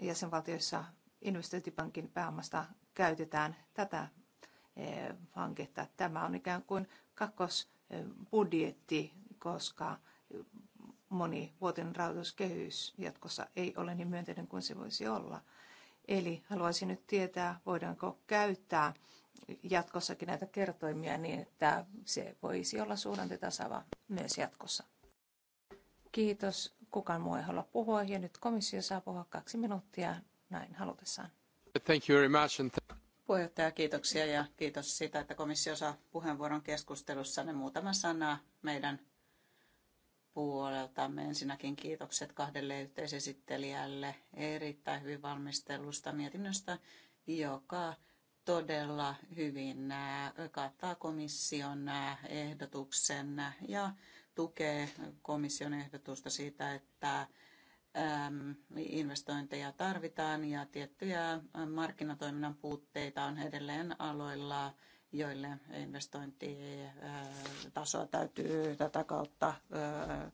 Speaker 2: jäsenvaltioissa investointipankin pääomasta käytetään tätä eh, hanketta. Tämä on ikään kuin kakkosbudjetti, koska monivuotinen rahoituskehys jatkossa ei ole niin myönteinen kuin se voisi olla. Eli haluaisin nyt tietää, voidaanko käyttää jatkossakin näitä kertoimia niin, että se voisi olla suhdantetasava myös jatkossa. Kiitos. Kukaan muu ei halua puhua ja nyt komissio saa puhua kaksi minuuttia näin halutessaan.
Speaker 1: Thank you very much and
Speaker 3: Puheenjohtaja, kiitoksia ja kiitos siitä, että komissio saa puheenvuoron keskustelussa. Ne muutama sana meidän puoleltamme. Ensinnäkin kiitokset kahdelle yhteisesittelijälle erittäin hyvin valmistelusta mietinnöstä, joka todella hyvin äh, kattaa komission äh, ehdotuksen ja tukee komission ehdotusta siitä, että Ähm, investointeja tarvitaan ja tiettyjä äh, markkinatoiminnan puutteita on edelleen aloilla, joille investointitasoa äh, täytyy tätä kautta äh,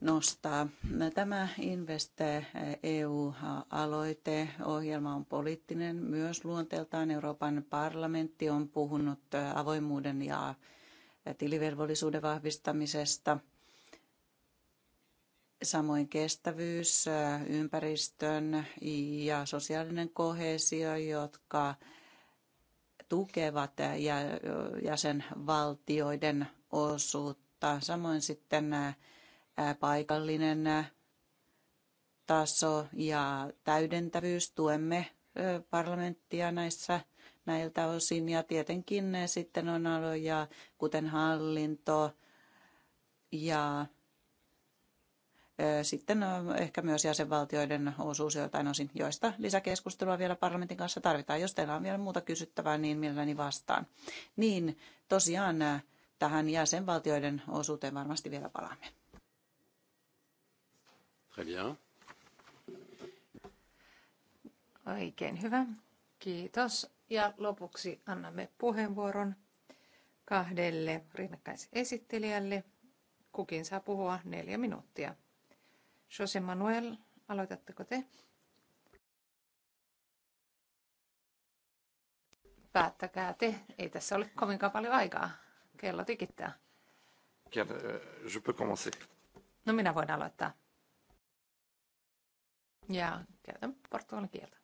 Speaker 3: nostaa. Tämä Invest EU-aloite, ohjelma on poliittinen myös luonteeltaan. Euroopan parlamentti on puhunut avoimuuden ja tilivelvollisuuden vahvistamisesta – Samoin kestävyys, ympäristön ja sosiaalinen kohesio, jotka tukevat jäsenvaltioiden osuutta. Samoin sitten paikallinen taso ja täydentävyys. Tuemme parlamenttia näissä näiltä osin. Ja tietenkin sitten on aloja, kuten hallinto ja sitten ehkä myös jäsenvaltioiden osuus joitain osin, joista lisäkeskustelua vielä parlamentin kanssa tarvitaan. Jos teillä on vielä muuta kysyttävää, niin mielelläni vastaan. Niin tosiaan tähän jäsenvaltioiden osuuteen varmasti vielä palaamme.
Speaker 5: Très bien.
Speaker 2: Oikein hyvä. Kiitos. Ja lopuksi annamme puheenvuoron kahdelle rinnakkaisesittelijälle. Kukin saa puhua neljä minuuttia. Jose Manuel, aloitatteko te? Päättäkää te. Ei tässä ole kovinkaan paljon aikaa. Kello tikittää.
Speaker 4: Eh, je peux commencer.
Speaker 2: No minä voin aloittaa. Ja käytän portugalin kieltä.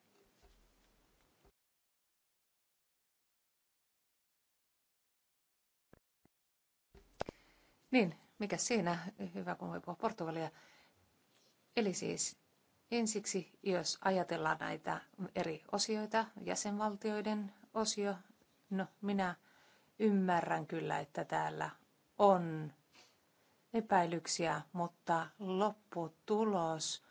Speaker 2: Niin, mikä siinä? Hyvä, kun voi puhua portugalia. Eli siis ensiksi, jos ajatellaan näitä eri osioita, jäsenvaltioiden osio, no minä ymmärrän kyllä, että täällä on epäilyksiä, mutta lopputulos,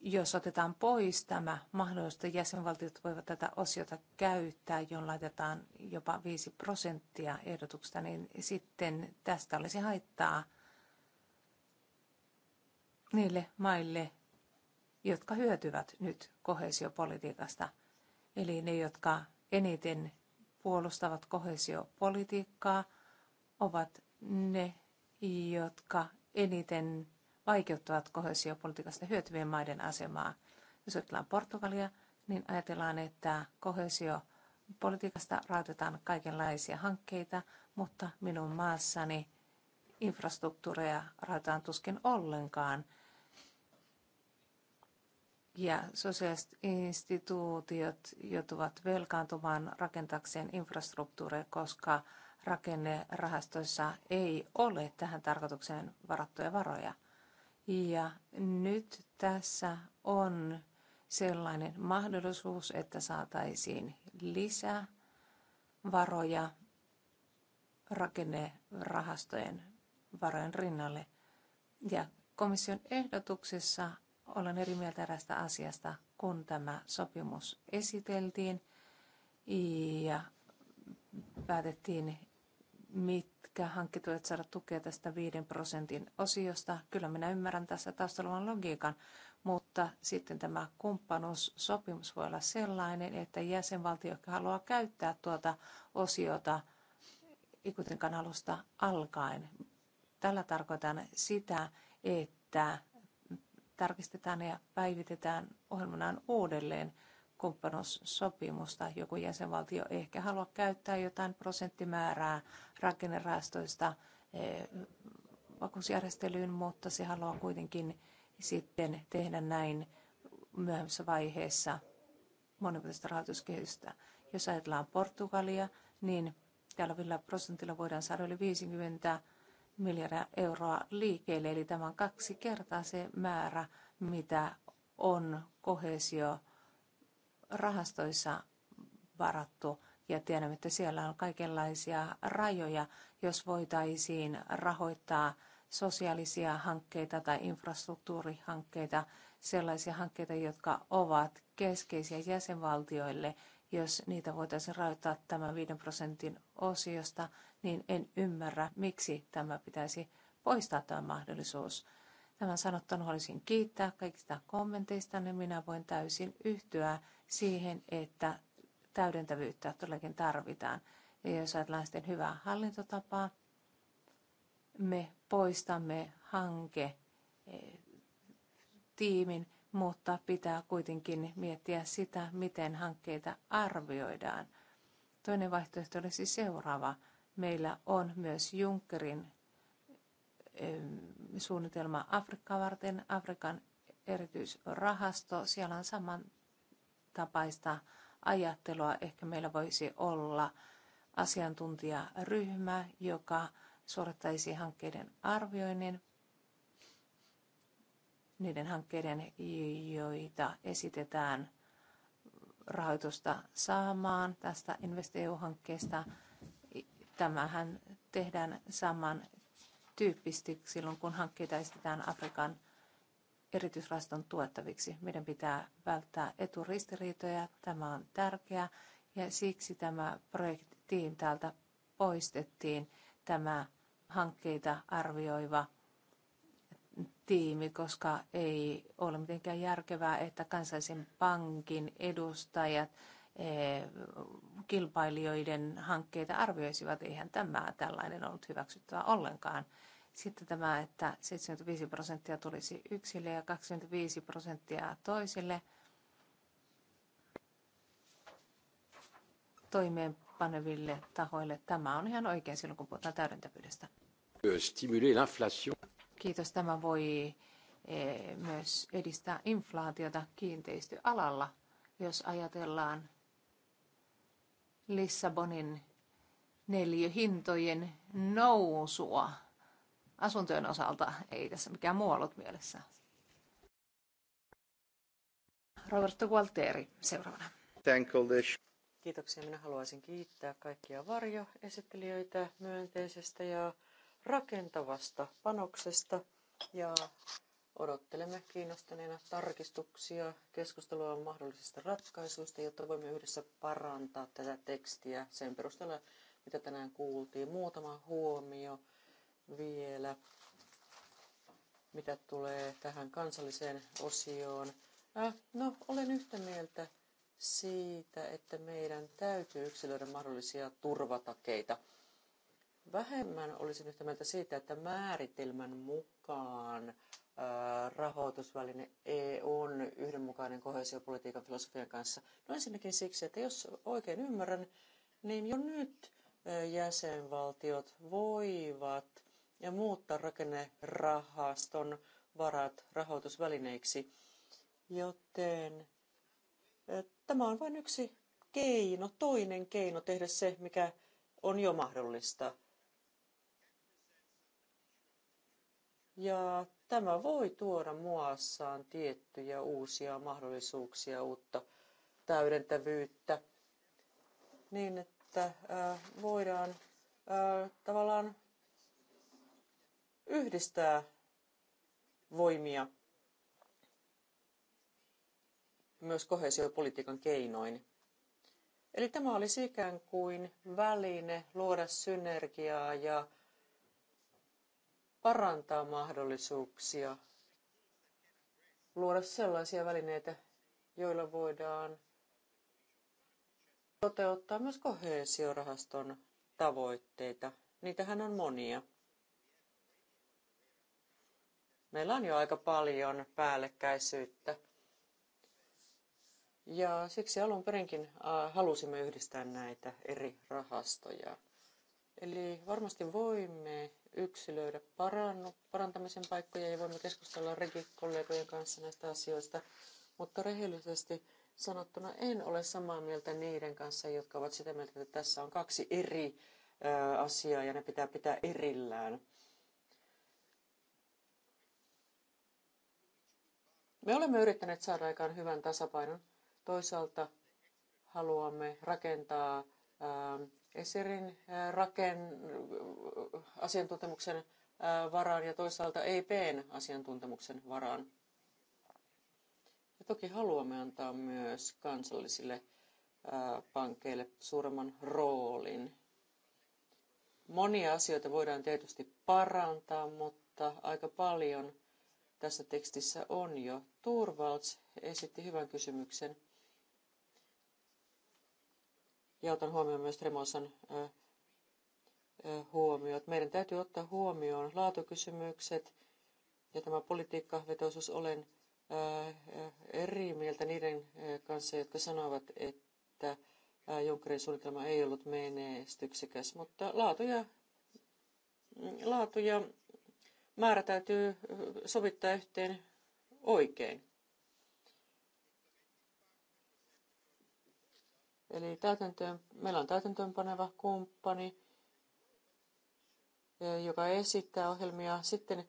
Speaker 2: jos otetaan pois tämä mahdollista, jäsenvaltiot voivat tätä osiota käyttää, johon laitetaan jopa 5 prosenttia ehdotuksesta, niin sitten tästä olisi haittaa niille maille, jotka hyötyvät nyt kohesiopolitiikasta. Eli ne, jotka eniten puolustavat kohesiopolitiikkaa, ovat ne, jotka eniten vaikeuttavat kohesiopolitiikasta hyötyvien maiden asemaa. Jos ajatellaan Portugalia, niin ajatellaan, että kohesiopolitiikasta rahoitetaan kaikenlaisia hankkeita, mutta minun maassani infrastruktuureja rahoitetaan tuskin ollenkaan – ja sosiaaliset instituutiot joutuvat velkaantumaan rakentakseen infrastruktuuria, koska rakennerahastoissa ei ole tähän tarkoitukseen varattuja varoja. Ja nyt tässä on sellainen mahdollisuus, että saataisiin lisää varoja rakennerahastojen varojen rinnalle. Ja komission ehdotuksessa olen eri mieltä erästä asiasta, kun tämä sopimus esiteltiin ja päätettiin, mitkä hankkituet saada tukea tästä 5 prosentin osiosta. Kyllä minä ymmärrän tässä taustalla logiikan, mutta sitten tämä kumppanuussopimus voi olla sellainen, että jäsenvaltio, joka haluaa käyttää tuota osiota ikutin alusta alkaen. Tällä tarkoitan sitä, että tarkistetaan ja päivitetään ohjelmanaan uudelleen kumppanuussopimusta. Joku jäsenvaltio ehkä haluaa käyttää jotain prosenttimäärää rakennerahastoista eh, vakuusjärjestelyyn, mutta se haluaa kuitenkin sitten tehdä näin myöhemmässä vaiheessa monivuotista rahoituskehystä. Jos ajatellaan Portugalia, niin tällä prosentilla voidaan saada yli 50 miljardia euroa liikkeelle, eli tämä on kaksi kertaa se määrä, mitä on kohesio rahastoissa varattu. Ja tiedämme, että siellä on kaikenlaisia rajoja, jos voitaisiin rahoittaa sosiaalisia hankkeita tai infrastruktuurihankkeita, sellaisia hankkeita, jotka ovat keskeisiä jäsenvaltioille jos niitä voitaisiin rajoittaa tämän 5 prosentin osiosta, niin en ymmärrä, miksi tämä pitäisi poistaa tämä mahdollisuus. Tämän sanottuna haluaisin kiittää kaikista kommenteista, niin minä voin täysin yhtyä siihen, että täydentävyyttä todellakin tarvitaan. Ja jos ajatellaan sitten hyvää hallintotapaa, me poistamme hanke eh, tiimin mutta pitää kuitenkin miettiä sitä, miten hankkeita arvioidaan. Toinen vaihtoehto olisi siis seuraava. Meillä on myös Junckerin suunnitelma Afrikkaa varten, Afrikan erityisrahasto. Siellä on samantapaista ajattelua. Ehkä meillä voisi olla asiantuntijaryhmä, joka suorittaisi hankkeiden arvioinnin, niiden hankkeiden, joita esitetään rahoitusta saamaan tästä InvestEU-hankkeesta. Tämähän tehdään saman tyyppisesti silloin, kun hankkeita esitetään Afrikan erityisraston tuottaviksi, Meidän pitää välttää eturistiriitoja, tämä on tärkeää ja siksi tämä projektiin täältä poistettiin tämä hankkeita arvioiva tiimi, koska ei ole mitenkään järkevää, että kansallisen pankin edustajat eh, kilpailijoiden hankkeita arvioisivat. Eihän tämä tällainen ollut hyväksyttävä ollenkaan. Sitten tämä, että 75 prosenttia tulisi yksille ja 25 prosenttia toisille. toimeenpaneville tahoille. Tämä on ihan oikein silloin, kun puhutaan täydentävyydestä. Kiitos, tämä voi eh, myös edistää inflaatiota kiinteistöalalla, jos ajatellaan Lissabonin neljöhintojen nousua asuntojen osalta. Ei tässä mikään muu ollut mielessä. Roberto Gualteri seuraavana. Kiitoksia.
Speaker 1: Minä haluaisin kiittää kaikkia varjoesittelijöitä myönteisestä ja rakentavasta panoksesta ja odottelemme kiinnostuneena tarkistuksia, keskustelua mahdollisista ratkaisuista, jotta voimme yhdessä parantaa tätä tekstiä sen perusteella, mitä tänään kuultiin. Muutama huomio vielä, mitä tulee tähän kansalliseen osioon. Äh, no, olen yhtä mieltä siitä, että meidän täytyy yksilöidä mahdollisia turvatakeita. Vähemmän olisin yhtä mieltä siitä, että määritelmän mukaan rahoitusväline on yhdenmukainen kohesiopolitiikan filosofian kanssa? No ensinnäkin siksi, että jos oikein ymmärrän, niin jo nyt jäsenvaltiot voivat ja muuttaa rakennerahaston varat rahoitusvälineiksi, joten tämä on vain yksi keino, toinen keino tehdä se, mikä on jo mahdollista Ja tämä voi tuoda muassaan tiettyjä uusia mahdollisuuksia, uutta täydentävyyttä, niin että voidaan tavallaan yhdistää voimia myös kohesiopolitiikan keinoin. Eli tämä olisi ikään kuin väline luoda synergiaa ja parantaa mahdollisuuksia luoda sellaisia välineitä, joilla voidaan toteuttaa myös kohesiorahaston tavoitteita. Niitähän on monia. Meillä on jo aika paljon päällekkäisyyttä. Ja siksi alun perinkin halusimme yhdistää näitä eri rahastoja. Eli varmasti voimme yksilöidä parannu, parantamisen paikkoja ja voimme keskustella regikollegojen kanssa näistä asioista, mutta rehellisesti sanottuna en ole samaa mieltä niiden kanssa, jotka ovat sitä mieltä, että tässä on kaksi eri ö, asiaa ja ne pitää pitää erillään. Me olemme yrittäneet saada aikaan hyvän tasapainon. Toisaalta haluamme rakentaa ö, Eserin äh, raken, äh, asiantuntemuksen äh, varaan ja toisaalta EIPn asiantuntemuksen varaan. Ja toki haluamme antaa myös kansallisille pankeille suuremman roolin. Monia asioita voidaan tietysti parantaa, mutta aika paljon tässä tekstissä on jo. Turvalds esitti hyvän kysymyksen ja otan huomioon myös Tremonsan huomiot. Meidän täytyy ottaa huomioon laatukysymykset ja tämä politiikkavetoisuus. Olen eri mieltä niiden kanssa, jotka sanovat, että Junckerin suunnitelma ei ollut menestyksekäs, mutta laatu ja, laatu ja määrä täytyy sovittaa yhteen oikein. Eli täytäntöön, meillä on täytäntöönpaneva kumppani, e, joka esittää ohjelmia. Sitten e,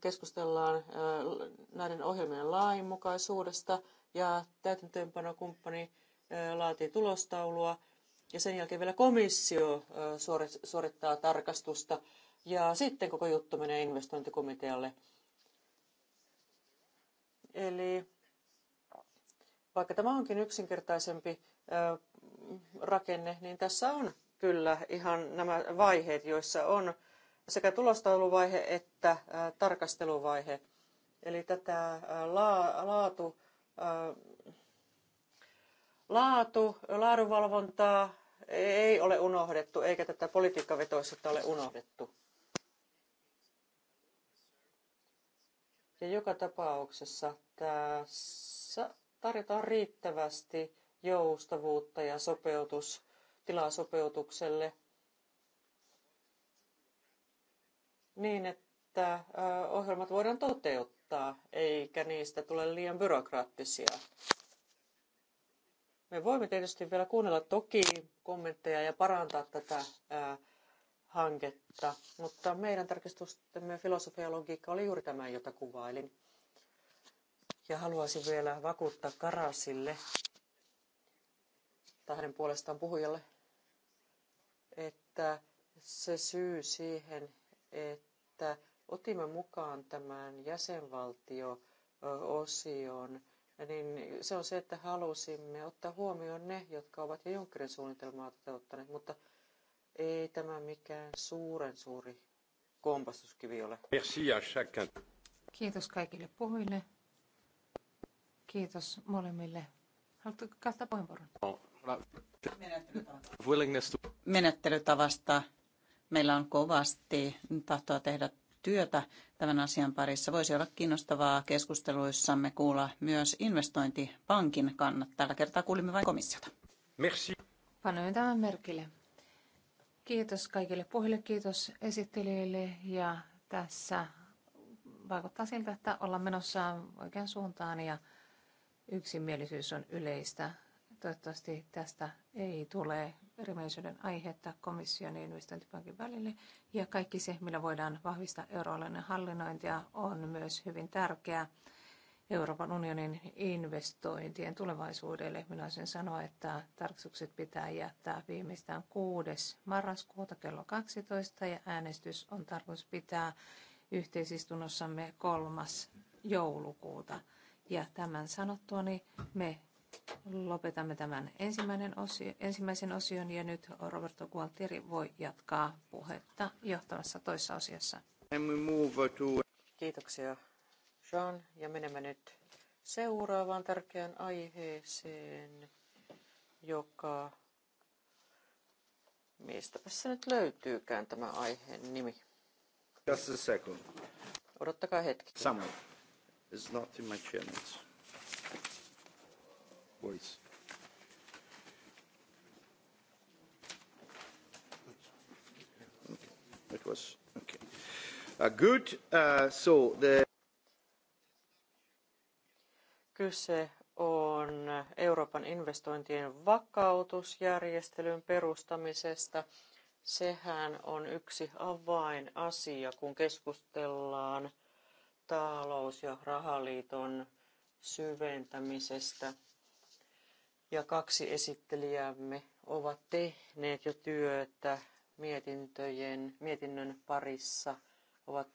Speaker 1: keskustellaan e, näiden ohjelmien lainmukaisuudesta ja täytäntöönpanokumppani laatii tulostaulua ja sen jälkeen vielä komissio suorittaa tarkastusta ja sitten koko juttu menee investointikomitealle. Eli vaikka tämä onkin yksinkertaisempi rakenne, niin tässä on kyllä ihan nämä vaiheet, joissa on sekä tulostauluvaihe että tarkasteluvaihe. Eli tätä laatu, laatu, laadunvalvontaa ei ole unohdettu, eikä tätä politiikkavetoisuutta ole unohdettu. Ja joka tapauksessa tässä tarjotaan riittävästi joustavuutta ja sopeutus, tilaa sopeutukselle niin, että ohjelmat voidaan toteuttaa eikä niistä tule liian byrokraattisia. Me voimme tietysti vielä kuunnella toki kommentteja ja parantaa tätä ää, hanketta, mutta meidän tarkistustemme filosofia ja logiikka oli juuri tämä, jota kuvailin. Ja haluaisin vielä vakuuttaa Karasille, tai hänen puolestaan puhujalle, että se syy siihen, että otimme mukaan tämän jäsenvaltio-osion, niin se on se, että halusimme ottaa huomioon ne, jotka ovat jo Junckerin suunnitelmaa toteuttaneet, mutta ei tämä mikään suuren suuri kompastuskivi ole. Merci à chacun.
Speaker 2: Kiitos kaikille puhujille. Kiitos molemmille. Haluatko käyttää puheenvuoron?
Speaker 3: No menettelytavasta. Meillä on kovasti tahtoa tehdä työtä tämän asian parissa. Voisi olla kiinnostavaa keskusteluissamme kuulla myös investointipankin kannat. Tällä kertaa kuulimme vain komissiota. Merci.
Speaker 2: Panoin tämän merkille. Kiitos kaikille puhille, kiitos esittelijöille ja tässä vaikuttaa siltä, että ollaan menossa oikean suuntaan ja yksimielisyys on yleistä. Toivottavasti tästä ei tule erimielisyyden aihetta komission ja investointipankin välille. Ja kaikki se, millä voidaan vahvistaa euroalueen hallinnointia, on myös hyvin tärkeää Euroopan unionin investointien tulevaisuudelle. Minä olisin sanoa, että tarkistukset pitää jättää viimeistään 6. marraskuuta kello 12 ja äänestys on tarkoitus pitää yhteisistunnossamme 3. joulukuuta. Ja tämän sanottuani me Lopetamme tämän ensimmäinen osio, ensimmäisen osion ja nyt Roberto Gualtieri voi jatkaa puhetta johtamassa toisessa osiossa. Kiitoksia
Speaker 1: Jean ja menemme nyt seuraavaan tärkeään aiheeseen, joka... Mistäpä se nyt löytyykään tämä aiheen nimi? Just a second. Odottakaa hetki. Samuel. It's not in my channels
Speaker 4: pois. That was okay. Uh, good. Uh, so the...
Speaker 1: Kyse on Euroopan investointien vakautusjärjestelyn perustamisesta. Sehän on yksi avainasia, kun keskustellaan talous- ja rahaliiton syventämisestä ja kaksi esittelijäämme ovat tehneet jo työtä mietintöjen, mietinnön parissa, ovat,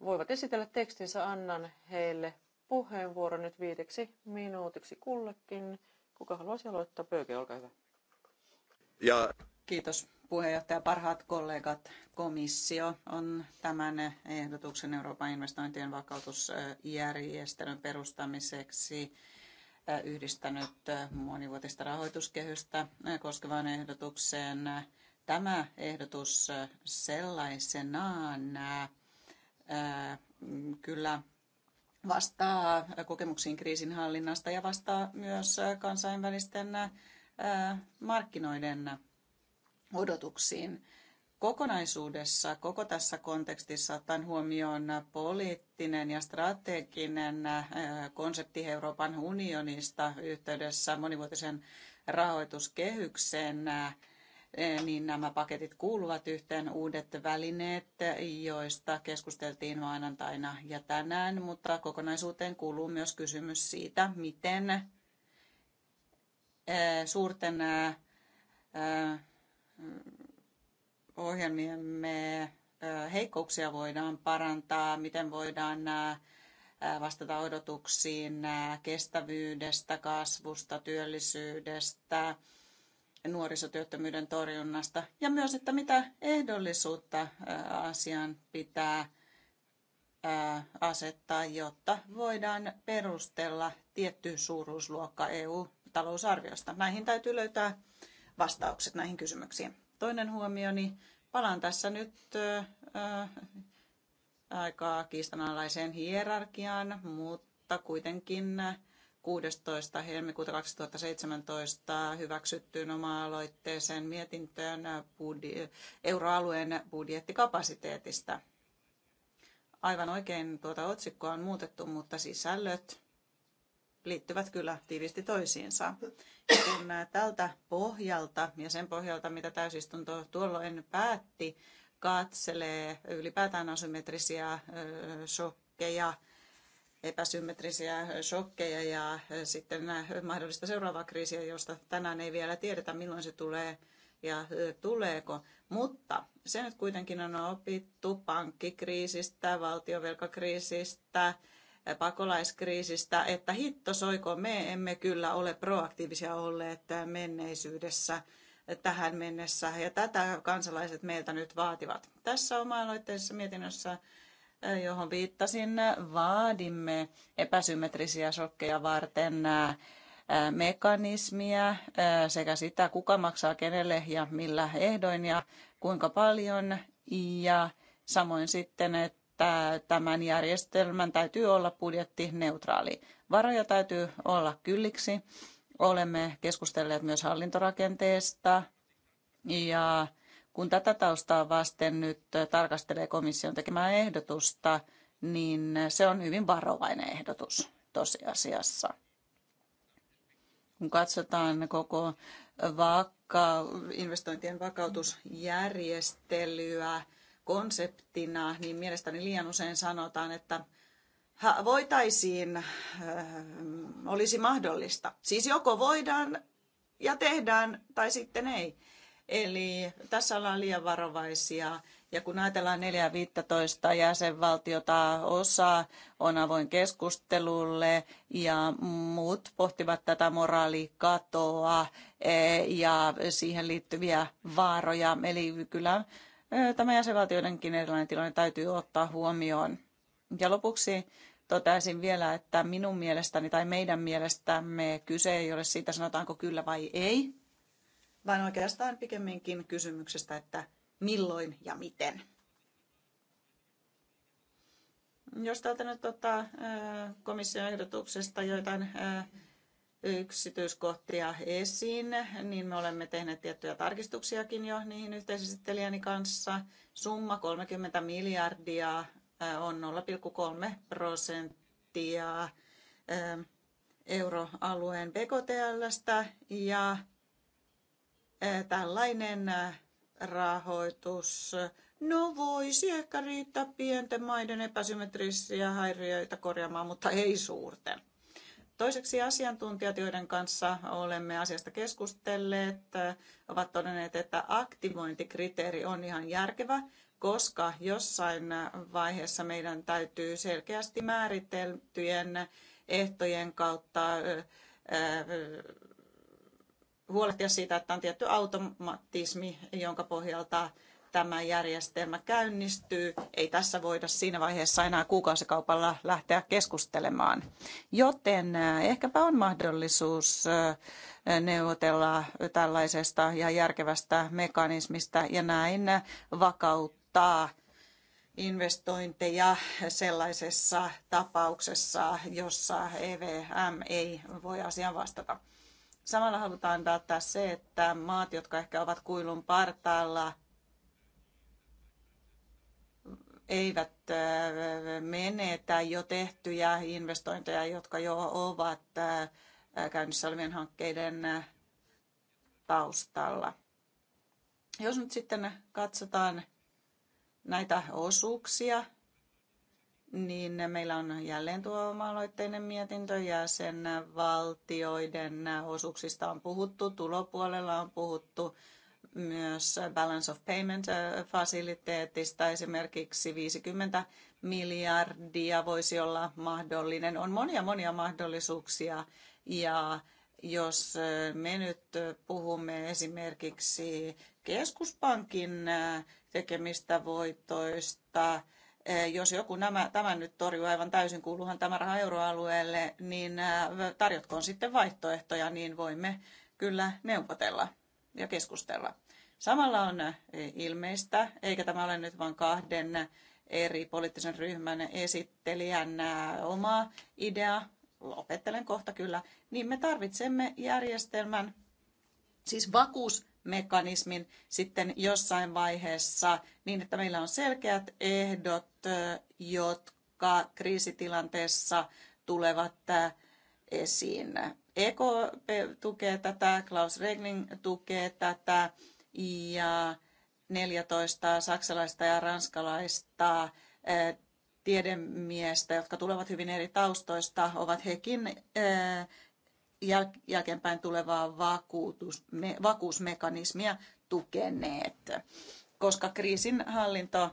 Speaker 1: voivat esitellä tekstinsä. Annan heille puheenvuoron nyt viideksi minuutiksi kullekin. Kuka haluaisi aloittaa? Pöyke, olkaa hyvä. Ja... Kiitos
Speaker 3: puheenjohtaja. Parhaat kollegat, komissio on tämän ehdotuksen Euroopan investointien vakautusjärjestelyn perustamiseksi yhdistänyt monivuotista rahoituskehystä koskevaan ehdotukseen. Tämä ehdotus sellaisenaan kyllä vastaa kokemuksiin kriisinhallinnasta ja vastaa myös kansainvälisten markkinoiden odotuksiin kokonaisuudessa, koko tässä kontekstissa ottaen huomioon poliittinen ja strateginen äh, konsepti Euroopan unionista yhteydessä monivuotisen rahoituskehyksen, äh, niin nämä paketit kuuluvat yhteen uudet välineet, joista keskusteltiin maanantaina ja tänään, mutta kokonaisuuteen kuuluu myös kysymys siitä, miten äh, suurten ohjelmiemme heikkouksia voidaan parantaa, miten voidaan vastata odotuksiin kestävyydestä, kasvusta, työllisyydestä, nuorisotyöttömyyden torjunnasta ja myös, että mitä ehdollisuutta asian pitää asettaa, jotta voidaan perustella tietty suuruusluokka EU-talousarviosta. Näihin täytyy löytää vastaukset näihin kysymyksiin. Toinen niin palaan tässä nyt äh, aika kiistanalaiseen hierarkiaan, mutta kuitenkin 16. helmikuuta 2017 hyväksyttyyn oma-aloitteeseen mietintöön budi- euroalueen budjettikapasiteetista. Aivan oikein tuota otsikkoa on muutettu, mutta sisällöt liittyvät kyllä tiivisti toisiinsa. Ja kun tältä pohjalta ja sen pohjalta, mitä täysistunto tuolloin päätti, katselee ylipäätään asymmetrisiä shokkeja, epäsymmetrisiä shokkeja ja sitten mahdollista seuraavaa kriisiä, josta tänään ei vielä tiedetä, milloin se tulee ja tuleeko. Mutta se nyt kuitenkin on opittu pankkikriisistä, valtiovelkakriisistä, pakolaiskriisistä, että hitto soiko me emme kyllä ole proaktiivisia olleet menneisyydessä tähän mennessä. Ja tätä kansalaiset meiltä nyt vaativat. Tässä oma-aloitteisessa mietinnössä eh, johon viittasin, vaadimme epäsymmetrisiä sokkeja varten eh, eh, mekanismia sekä sitä, kuka maksaa kenelle ja millä ehdoin ja kuinka paljon. Ja samoin sitten, että että tämän järjestelmän täytyy olla budjettineutraali. Varoja täytyy olla kylliksi. Olemme keskustelleet myös hallintorakenteesta ja kun tätä taustaa vasten nyt tarkastelee komission tekemää ehdotusta, niin se on hyvin varovainen ehdotus tosiasiassa. Kun katsotaan koko vakka, investointien vakautusjärjestelyä, konseptina, niin mielestäni liian usein sanotaan, että voitaisiin, olisi mahdollista. Siis joko voidaan ja tehdään tai sitten ei. Eli tässä ollaan liian varovaisia. Ja kun ajatellaan 4-15 jäsenvaltiota, osa on avoin keskustelulle ja muut pohtivat tätä moraalikatoa e, ja siihen liittyviä vaaroja. Eli kyllä tämä jäsenvaltioidenkin erilainen tilanne täytyy ottaa huomioon. Ja lopuksi toteaisin vielä, että minun mielestäni tai meidän mielestämme kyse ei ole siitä, sanotaanko kyllä vai ei, vaan oikeastaan pikemminkin kysymyksestä, että milloin ja miten. Jos täältä nyt ottaa komission ehdotuksesta joitain yksityiskohtia esiin, niin me olemme tehneet tiettyjä tarkistuksiakin jo niihin yhteisesittelijäni kanssa. Summa 30 miljardia äh, on 0,3 prosenttia äh, euroalueen BKTLstä ja äh, tällainen rahoitus No voisi ehkä riittää pienten maiden epäsymmetrisiä häiriöitä korjaamaan, mutta ei suurten. Toiseksi asiantuntijat, joiden kanssa olemme asiasta keskustelleet, ovat todenneet, että aktivointikriteeri on ihan järkevä, koska jossain vaiheessa meidän täytyy selkeästi määriteltyjen ehtojen kautta huolehtia siitä, että on tietty automatismi, jonka pohjalta tämä järjestelmä käynnistyy, ei tässä voida siinä vaiheessa enää kuukausikaupalla lähteä keskustelemaan. Joten äh, ehkäpä on mahdollisuus äh, neuvotella tällaisesta ja järkevästä mekanismista ja näin vakauttaa investointeja sellaisessa tapauksessa, jossa EVM ei voi asiaan vastata. Samalla halutaan välttää se, että maat, jotka ehkä ovat kuilun partaalla, eivät äh, menetä jo tehtyjä investointeja, jotka jo ovat äh, käynnissä olevien hankkeiden äh, taustalla. Jos nyt sitten katsotaan näitä osuuksia, niin meillä on jälleen tuo oma-aloitteinen mietintö ja sen valtioiden osuuksista on puhuttu, tulopuolella on puhuttu, myös Balance of Payment-fasiliteetista äh, esimerkiksi 50 miljardia voisi olla mahdollinen. On monia monia mahdollisuuksia ja jos äh, me nyt puhumme esimerkiksi keskuspankin äh, tekemistä voitoista, jos joku nämä, tämän nyt torjuu aivan täysin, kuuluhan tämä raha euroalueelle, niin tarjotkoon sitten vaihtoehtoja, niin voimme kyllä neuvotella ja keskustella. Samalla on eh, ilmeistä, eikä tämä ole nyt vain kahden eri poliittisen ryhmän esittelijän eh, oma idea, lopettelen kohta kyllä, niin me tarvitsemme järjestelmän, siis vakuusmekanismin sitten jossain vaiheessa niin, että meillä on selkeät ehdot, eh, jotka kriisitilanteessa tulevat esiin. ekp tukee tätä, Klaus Regling tukee tätä ja 14 saksalaista ja ranskalaista eh, tiedemiestä, jotka tulevat hyvin eri taustoista, ovat hekin eh, jälkeenpäin tulevaa vakuutus, me, vakuusmekanismia tukeneet, koska kriisinhallinto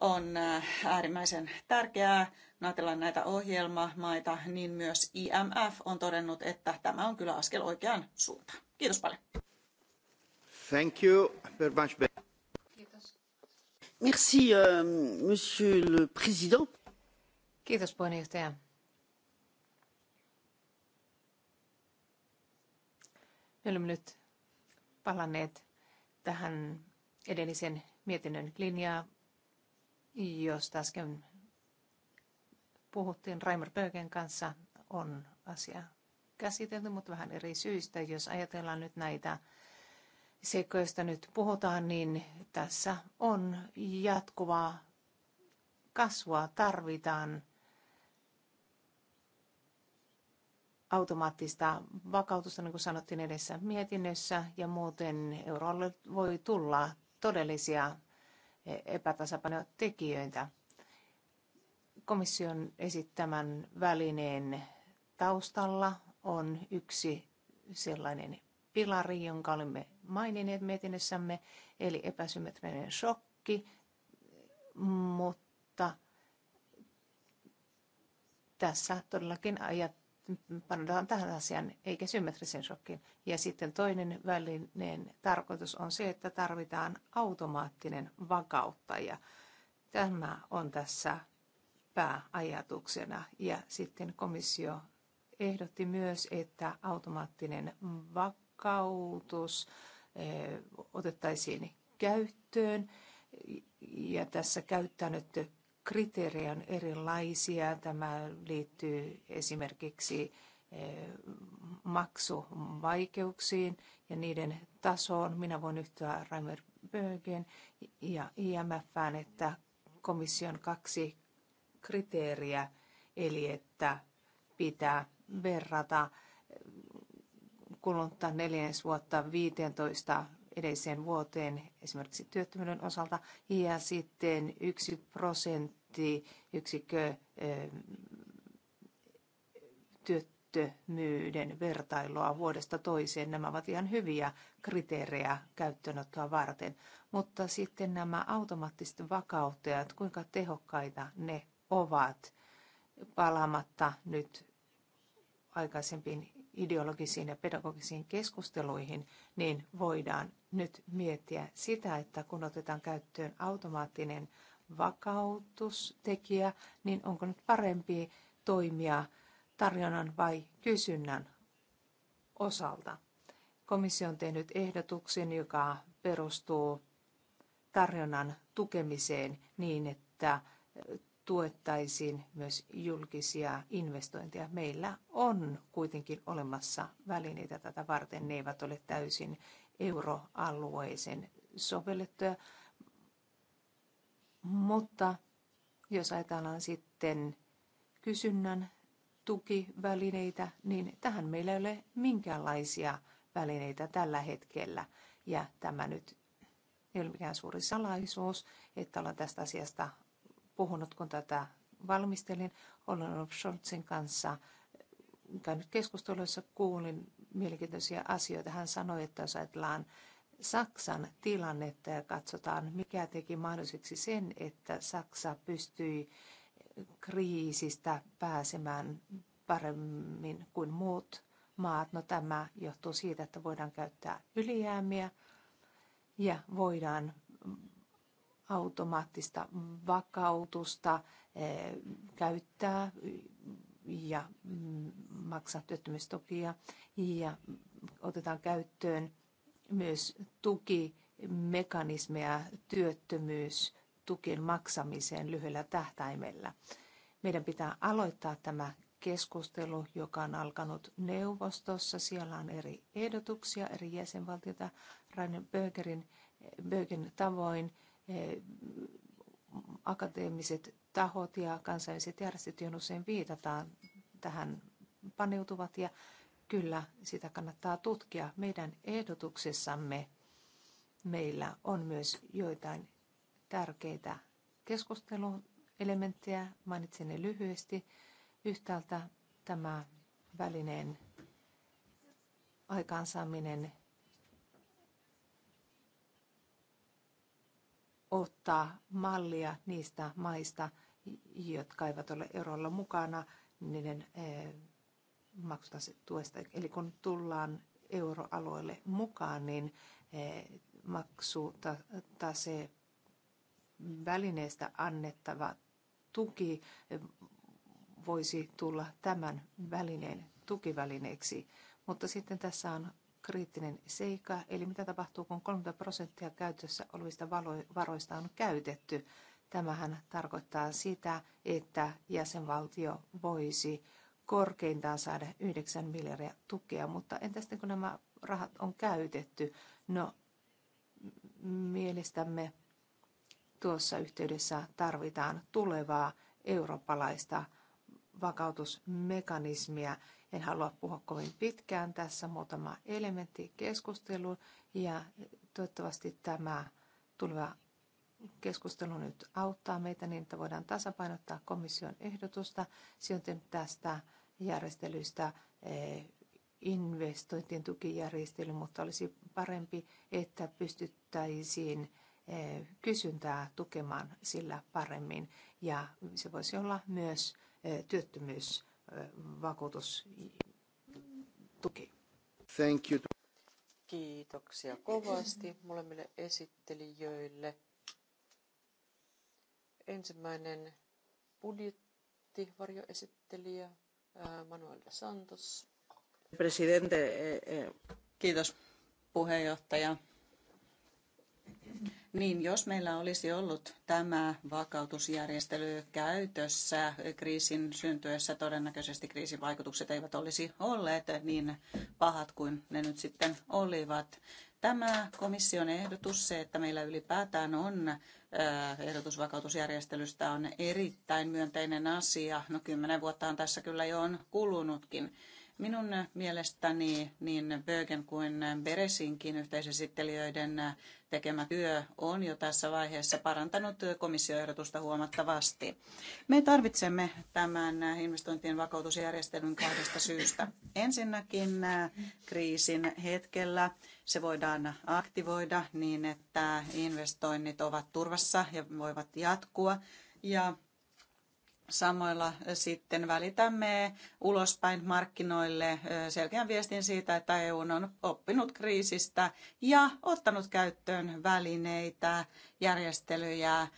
Speaker 3: on eh, äärimmäisen tärkeää. Kun ajatellaan näitä ohjelmamaita, niin myös IMF on todennut, että tämä on kyllä
Speaker 6: askel oikeaan suuntaan. Kiitos paljon. Kiitos. Euh,
Speaker 2: Kiitos puheenjohtaja. Me olemme nyt palanneet tähän edellisen mietinnön linjaa, josta äsken puhuttiin Raimer Bögen kanssa, on asia käsitelty, mutta vähän eri syistä. Jos ajatellaan nyt näitä seikoista nyt puhutaan, niin tässä on jatkuvaa kasvua. Tarvitaan automaattista vakautusta, niin kuin sanottiin edessä mietinnössä, ja muuten eurolle voi tulla todellisia epätasapainotekijöitä. Komission esittämän välineen taustalla on yksi sellainen pilari, jonka olimme maininneet mietinnössämme, eli epäsymmetrinen shokki, mutta tässä todellakin ajat panotaan tähän asiaan, eikä symmetrisen shokkiin. Ja sitten toinen välineen tarkoitus on se, että tarvitaan automaattinen vakauttaja. Tämä on tässä pääajatuksena. Ja sitten komissio ehdotti myös, että automaattinen vakautus Eh, otettaisiin käyttöön. Ja tässä käyttää nyt kriteerejä on erilaisia. Tämä liittyy esimerkiksi eh, maksuvaikeuksiin ja niiden tasoon. Minä voin yhtyä Raimer Bögen ja IMFään, että komission kaksi kriteeriä, eli että pitää verrata kulunutta neljännesvuotta 15 edelliseen vuoteen esimerkiksi työttömyyden osalta ja sitten yksi prosentti yksikkö työttömyyden vertailua vuodesta toiseen. Nämä ovat ihan hyviä kriteerejä käyttöönottoa varten. Mutta sitten nämä automaattiset vakauttajat, kuinka tehokkaita ne ovat palaamatta nyt aikaisempiin ideologisiin ja pedagogisiin keskusteluihin, niin voidaan nyt miettiä sitä, että kun otetaan käyttöön automaattinen vakautustekijä, niin onko nyt parempi toimia tarjonnan vai kysynnän osalta. Komissio on tehnyt ehdotuksen, joka perustuu tarjonnan tukemiseen niin, että tuettaisiin myös julkisia investointeja. Meillä on kuitenkin olemassa välineitä tätä varten. Ne eivät ole täysin euroalueeseen sovellettuja. Mutta jos ajatellaan sitten kysynnän tukivälineitä, niin tähän meillä ei ole minkäänlaisia välineitä tällä hetkellä. Ja tämä nyt ei ole mikään suuri salaisuus, että ollaan tästä asiasta puhunut, kun tätä valmistelin. Olen ollut Scholzin kanssa käynyt keskusteluissa, kuulin mielenkiintoisia asioita. Hän sanoi, että jos ajatellaan Saksan tilannetta ja katsotaan, mikä teki mahdolliseksi sen, että Saksa pystyi kriisistä pääsemään paremmin kuin muut maat. No tämä johtuu siitä, että voidaan käyttää ylijäämiä ja voidaan automaattista vakautusta eh, käyttää ja mm, maksaa työttömyystokia ja otetaan käyttöön myös tukimekanismeja työttömyystukien maksamiseen lyhyellä tähtäimellä. Meidän pitää aloittaa tämä keskustelu, joka on alkanut neuvostossa. Siellä on eri ehdotuksia eri jäsenvaltioita Rainen Bögerin, Bögerin tavoin Eh, akateemiset tahot ja kansainväliset järjestöt, joihin usein viitataan, tähän paneutuvat ja kyllä sitä kannattaa tutkia. Meidän ehdotuksessamme meillä on myös joitain tärkeitä keskusteluelementtejä. Mainitsen ne lyhyesti. Yhtäältä tämä välineen aikaansaaminen ottaa mallia niistä maista, jotka eivät ole eurolla mukana, niiden eh, maksutuesta. Eli kun tullaan euroalueelle mukaan, niin eh, maksutase välineestä annettava tuki voisi tulla tämän välineen tukivälineeksi. Mutta sitten tässä on kriittinen seikka, eli mitä tapahtuu, kun 30 prosenttia käytössä olevista varoista on käytetty. Tämähän tarkoittaa sitä, että jäsenvaltio voisi korkeintaan saada 9 miljardia tukea, mutta entä sitten kun nämä rahat on käytetty? No, mielestämme tuossa yhteydessä tarvitaan tulevaa eurooppalaista vakautusmekanismia, en halua puhua kovin pitkään tässä muutama elementti keskusteluun ja toivottavasti tämä tuleva keskustelu nyt auttaa meitä niin, että voidaan tasapainottaa komission ehdotusta. Se on tehnyt tästä järjestelystä eh, investointien tukijärjestely, mutta olisi parempi, että pystyttäisiin eh, kysyntää tukemaan sillä paremmin. Ja se voisi olla myös eh, työttömyys vakuutustuki. Thank you.
Speaker 1: Kiitoksia kovasti molemmille esittelijöille. Ensimmäinen budjettivarjoesittelijä Manuel de Santos. Presidente.
Speaker 3: Eh, eh. Kiitos puheenjohtaja. Niin, jos meillä olisi ollut tämä vakautusjärjestely käytössä kriisin syntyessä, todennäköisesti kriisin vaikutukset eivät olisi olleet niin pahat kuin ne nyt sitten olivat. Tämä komission ehdotus, se, että meillä ylipäätään on äh, ehdotus vakautusjärjestelystä, on erittäin myönteinen asia. No kymmenen vuotta on tässä kyllä jo on kulunutkin. Minun mielestäni niin Bögen kuin Beresinkin yhteisesittelijöiden tekemä työ on jo tässä vaiheessa parantanut komissioehdotusta huomattavasti. Me tarvitsemme tämän investointien vakautusjärjestelyn kahdesta syystä. Ensinnäkin äh, kriisin hetkellä se voidaan aktivoida niin, että investoinnit ovat turvassa ja voivat jatkua. Ja Samoilla sitten välitämme ulospäin markkinoille selkeän viestin siitä, että EU on oppinut kriisistä ja ottanut käyttöön välineitä, järjestelyjä,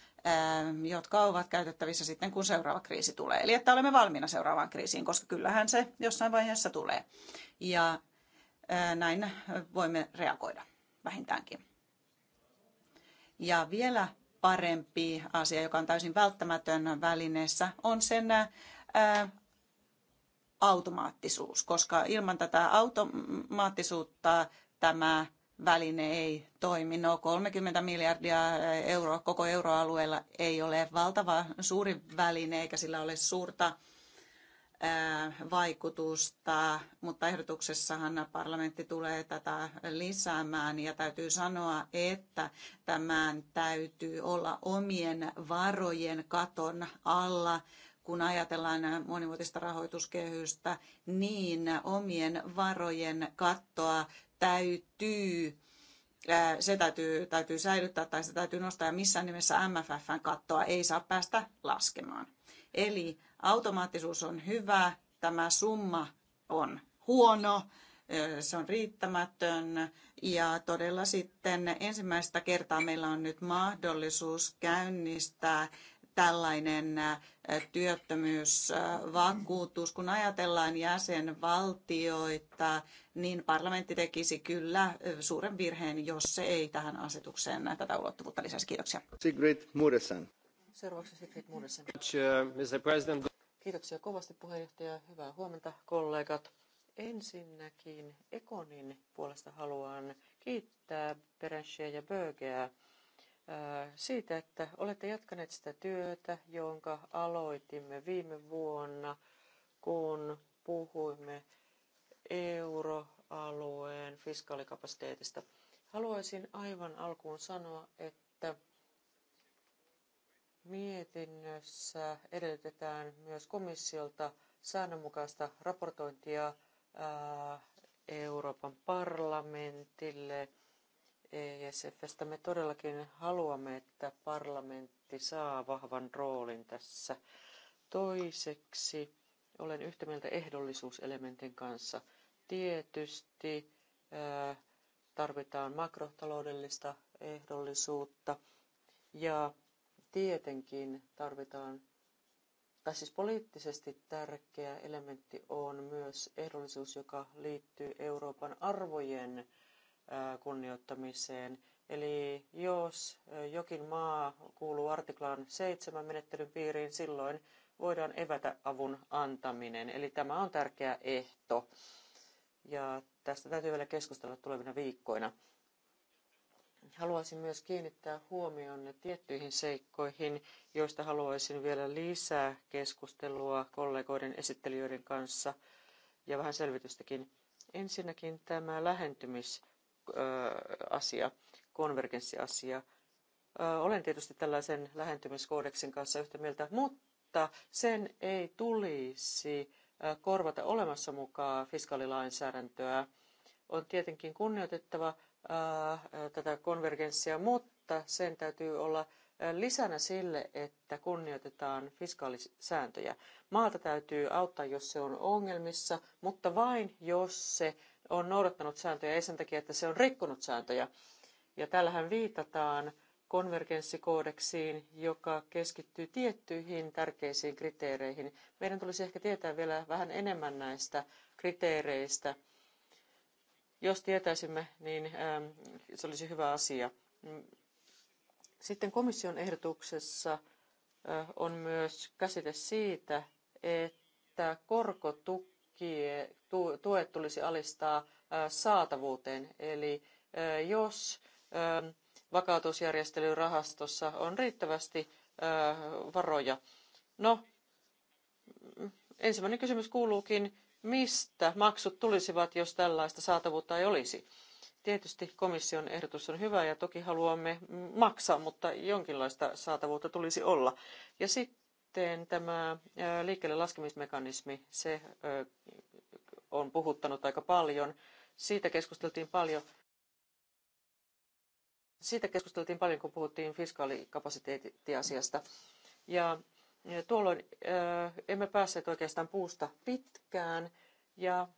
Speaker 3: jotka ovat käytettävissä sitten, kun seuraava kriisi tulee. Eli että olemme valmiina seuraavaan kriisiin, koska kyllähän se jossain vaiheessa tulee. Ja näin voimme reagoida vähintäänkin. Ja vielä parempi asia, joka on täysin välttämätön välineessä, on sen automaattisuus, koska ilman tätä automaattisuutta tämä väline ei toimi. No 30 miljardia euroa koko euroalueella ei ole valtava suuri väline eikä sillä ole suurta vaikutusta, mutta ehdotuksessahan parlamentti tulee tätä lisäämään ja täytyy sanoa, että tämän täytyy olla omien varojen katon alla kun ajatellaan monivuotista rahoituskehystä, niin omien varojen kattoa täytyy se täytyy, täytyy säilyttää tai se täytyy nostaa ja missään nimessä MFFn kattoa ei saa päästä laskemaan. Eli Automaattisuus on hyvä, tämä summa on huono, se on riittämätön ja todella sitten ensimmäistä kertaa meillä on nyt mahdollisuus käynnistää tällainen työttömyysvakuutus. Kun ajatellaan jäsenvaltioita, niin parlamentti tekisi kyllä suuren virheen, jos se ei tähän asetukseen tätä ulottuvuutta lisäisi.
Speaker 4: Kiitoksia. Sigrid Muresan.
Speaker 1: Seuraavaksi Sigrid Munnesen. Kiitoksia kovasti puheenjohtaja. Hyvää huomenta kollegat. Ensinnäkin Ekonin puolesta haluan kiittää Perenssiä ja Bögeä äh, siitä, että olette jatkaneet sitä työtä, jonka aloitimme viime vuonna, kun puhuimme euroalueen fiskaalikapasiteetista. Haluaisin aivan alkuun sanoa, että Mietinnössä edellytetään myös komissiolta säännönmukaista raportointia Euroopan parlamentille ESFstä. Me todellakin haluamme, että parlamentti saa vahvan roolin tässä. Toiseksi olen yhtä mieltä ehdollisuuselementin kanssa. Tietysti tarvitaan makrotaloudellista ehdollisuutta ja tietenkin tarvitaan, tai siis poliittisesti tärkeä elementti on myös ehdollisuus, joka liittyy Euroopan arvojen kunnioittamiseen. Eli jos jokin maa kuuluu artiklaan 7 menettelyn piiriin, silloin voidaan evätä avun antaminen. Eli tämä on tärkeä ehto. Ja tästä täytyy vielä keskustella tulevina viikkoina. Haluaisin myös kiinnittää huomionne tiettyihin seikkoihin, joista haluaisin vielä lisää keskustelua kollegoiden esittelijöiden kanssa ja vähän selvitystäkin. Ensinnäkin tämä lähentymisasia, konvergenssiasia. Olen tietysti tällaisen lähentymiskoodeksin kanssa yhtä mieltä, mutta sen ei tulisi korvata olemassa mukaan fiskaalilainsäädäntöä. On tietenkin kunnioitettava Äh, äh, tätä konvergenssia, mutta sen täytyy olla äh, lisänä sille, että kunnioitetaan fiskaalisääntöjä. Maata täytyy auttaa, jos se on ongelmissa, mutta vain jos se on noudattanut sääntöjä, ei sen takia, että se on rikkonut sääntöjä. Ja tällähän viitataan konvergenssikoodeksiin, joka keskittyy tiettyihin tärkeisiin kriteereihin. Meidän tulisi ehkä tietää vielä vähän enemmän näistä kriteereistä jos tietäisimme, niin ähm, se olisi hyvä asia. Sitten komission ehdotuksessa äh, on myös käsite siitä, että korkotuet tulisi alistaa äh, saatavuuteen. Eli äh, jos ähm, vakautusjärjestelyrahastossa on riittävästi varoja. No, ensimmäinen kysymys kuuluukin, mistä maksut tulisivat, jos tällaista saatavuutta ei olisi. Tietysti komission ehdotus on hyvä ja toki haluamme maksaa, mutta jonkinlaista saatavuutta tulisi olla. Ja sitten tämä liikkeelle laskemismekanismi, se on puhuttanut aika paljon. Siitä keskusteltiin paljon. Siitä keskusteltiin paljon, kun puhuttiin fiskaalikapasiteettiasiasta. Ja Tuolloin emme päässeet oikeastaan puusta pitkään ja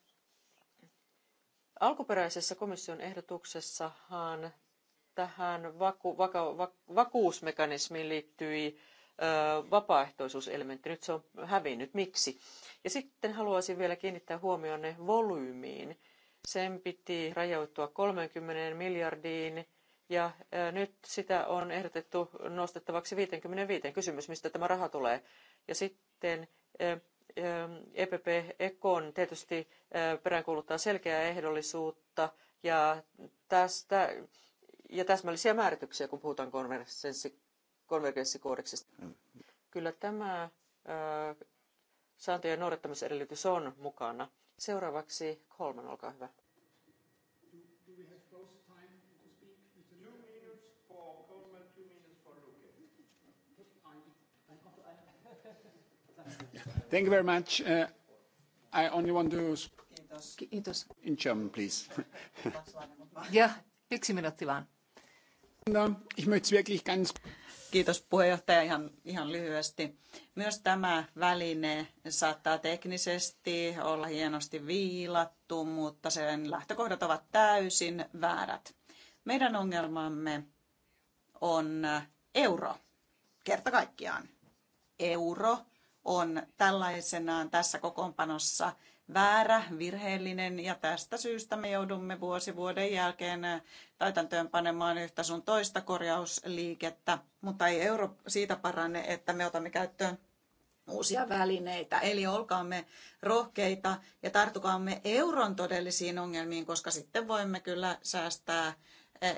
Speaker 1: alkuperäisessä komission ehdotuksessahan tähän vaku, vaka, vaku, vakuusmekanismiin liittyi vapaaehtoisuuselementti. Nyt se on hävinnyt. Miksi? Ja sitten haluaisin vielä kiinnittää huomionne volyymiin. Sen piti rajoittua 30 miljardiin ja nyt sitä on ehdotettu nostettavaksi 55 kysymys, mistä tämä raha tulee. Ja sitten EPP Ekon tietysti peräänkuuluttaa selkeää ehdollisuutta ja, tästä, ja täsmällisiä määrityksiä, kun puhutaan konvergenssikoodeksista. Kyllä tämä sääntöjen noudattamisedellytys on mukana. Seuraavaksi Kolman, olkaa hyvä.
Speaker 4: Thank
Speaker 2: you very much. Uh, I only want to... Kiitos. Kiitos. In German, please. ja, yksi minuutti vaan. No, ich möchte wirklich
Speaker 3: ganz... Kiitos puheenjohtaja ihan, ihan lyhyesti. Myös tämä väline saattaa teknisesti olla hienosti viilattu, mutta sen lähtökohdat ovat täysin väärät. Meidän ongelmamme on euro, kerta kaikkiaan. Euro on tällaisenaan tässä kokoonpanossa väärä, virheellinen ja tästä syystä me joudumme vuosi vuoden jälkeen äh, täytäntöön panemaan yhtä sun toista korjausliikettä, mutta ei euro siitä parane, että me otamme käyttöön uusia välineitä. Eli olkaamme rohkeita ja tartukaamme euron todellisiin ongelmiin, koska sitten voimme kyllä säästää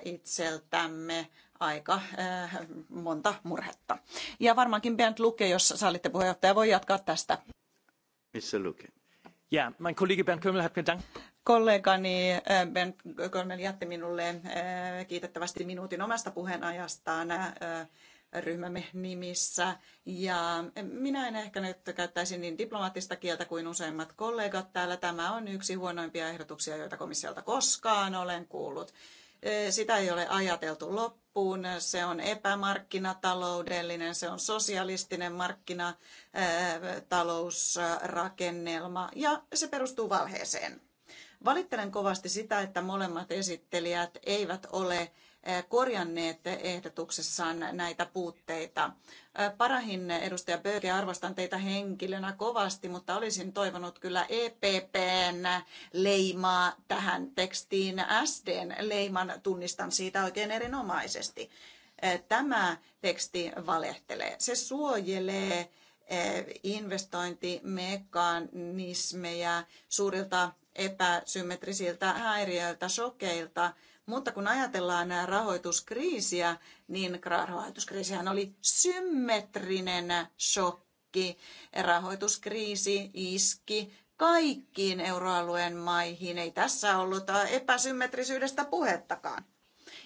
Speaker 3: itseltämme aika äh, monta murhetta. Ja varmaankin Bernd Luke, jos sallitte puheenjohtaja, voi jatkaa tästä. Missä Luke. Ja, mein Kollege Bernd Kömmel hat gedankt. Kollegani äh, Bernd Kömmel jätti minulle äh, kiitettävästi minuutin omasta puheenajastaan ryhmämme nimissä. Ja minä en ehkä nyt käyttäisi niin diplomaattista kieltä kuin useimmat kollegat täällä. Tämä on yksi huonoimpia ehdotuksia, joita komissiolta koskaan olen kuullut. Sitä ei ole ajateltu loppuun. Se on epämarkkinataloudellinen, se on sosialistinen markkinatalousrakennelma ja se perustuu valheeseen. Valittelen kovasti sitä, että molemmat esittelijät eivät ole Eh, korjanneet ehdotuksessaan näitä puutteita. Eh, parahin edustaja Böge, arvostan teitä henkilönä kovasti, mutta olisin toivonut kyllä EPPn leimaa tähän tekstiin. SDn leiman tunnistan siitä oikein erinomaisesti. Eh, tämä teksti valehtelee. Se suojelee investointimekanismeja suurilta epäsymmetrisiltä häiriöiltä, shokeilta, mutta kun ajatellaan rahoituskriisiä, niin rahoituskriisihän oli symmetrinen shokki. Rahoituskriisi iski kaikkiin euroalueen maihin. Ei tässä ollut epäsymmetrisyydestä puhettakaan.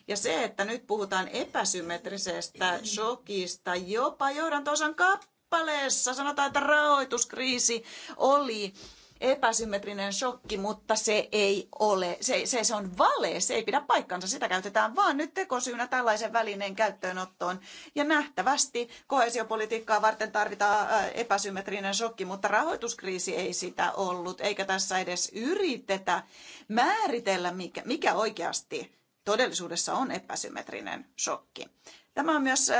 Speaker 3: Ja se, että nyt puhutaan epäsymmetrisestä shokista, jopa johdantosan kappaleessa sanotaan, että rahoituskriisi oli epäsymmetrinen shokki, mutta se ei ole, se, se, se on vale, se ei pidä paikkansa, sitä käytetään vaan nyt tekosyynä tällaisen välineen käyttöönottoon. Ja nähtävästi kohesiopolitiikkaa varten tarvitaan epäsymmetrinen shokki, mutta rahoituskriisi ei sitä ollut, eikä tässä edes yritetä määritellä, mikä, mikä oikeasti todellisuudessa on epäsymmetrinen shokki. Tämä on myös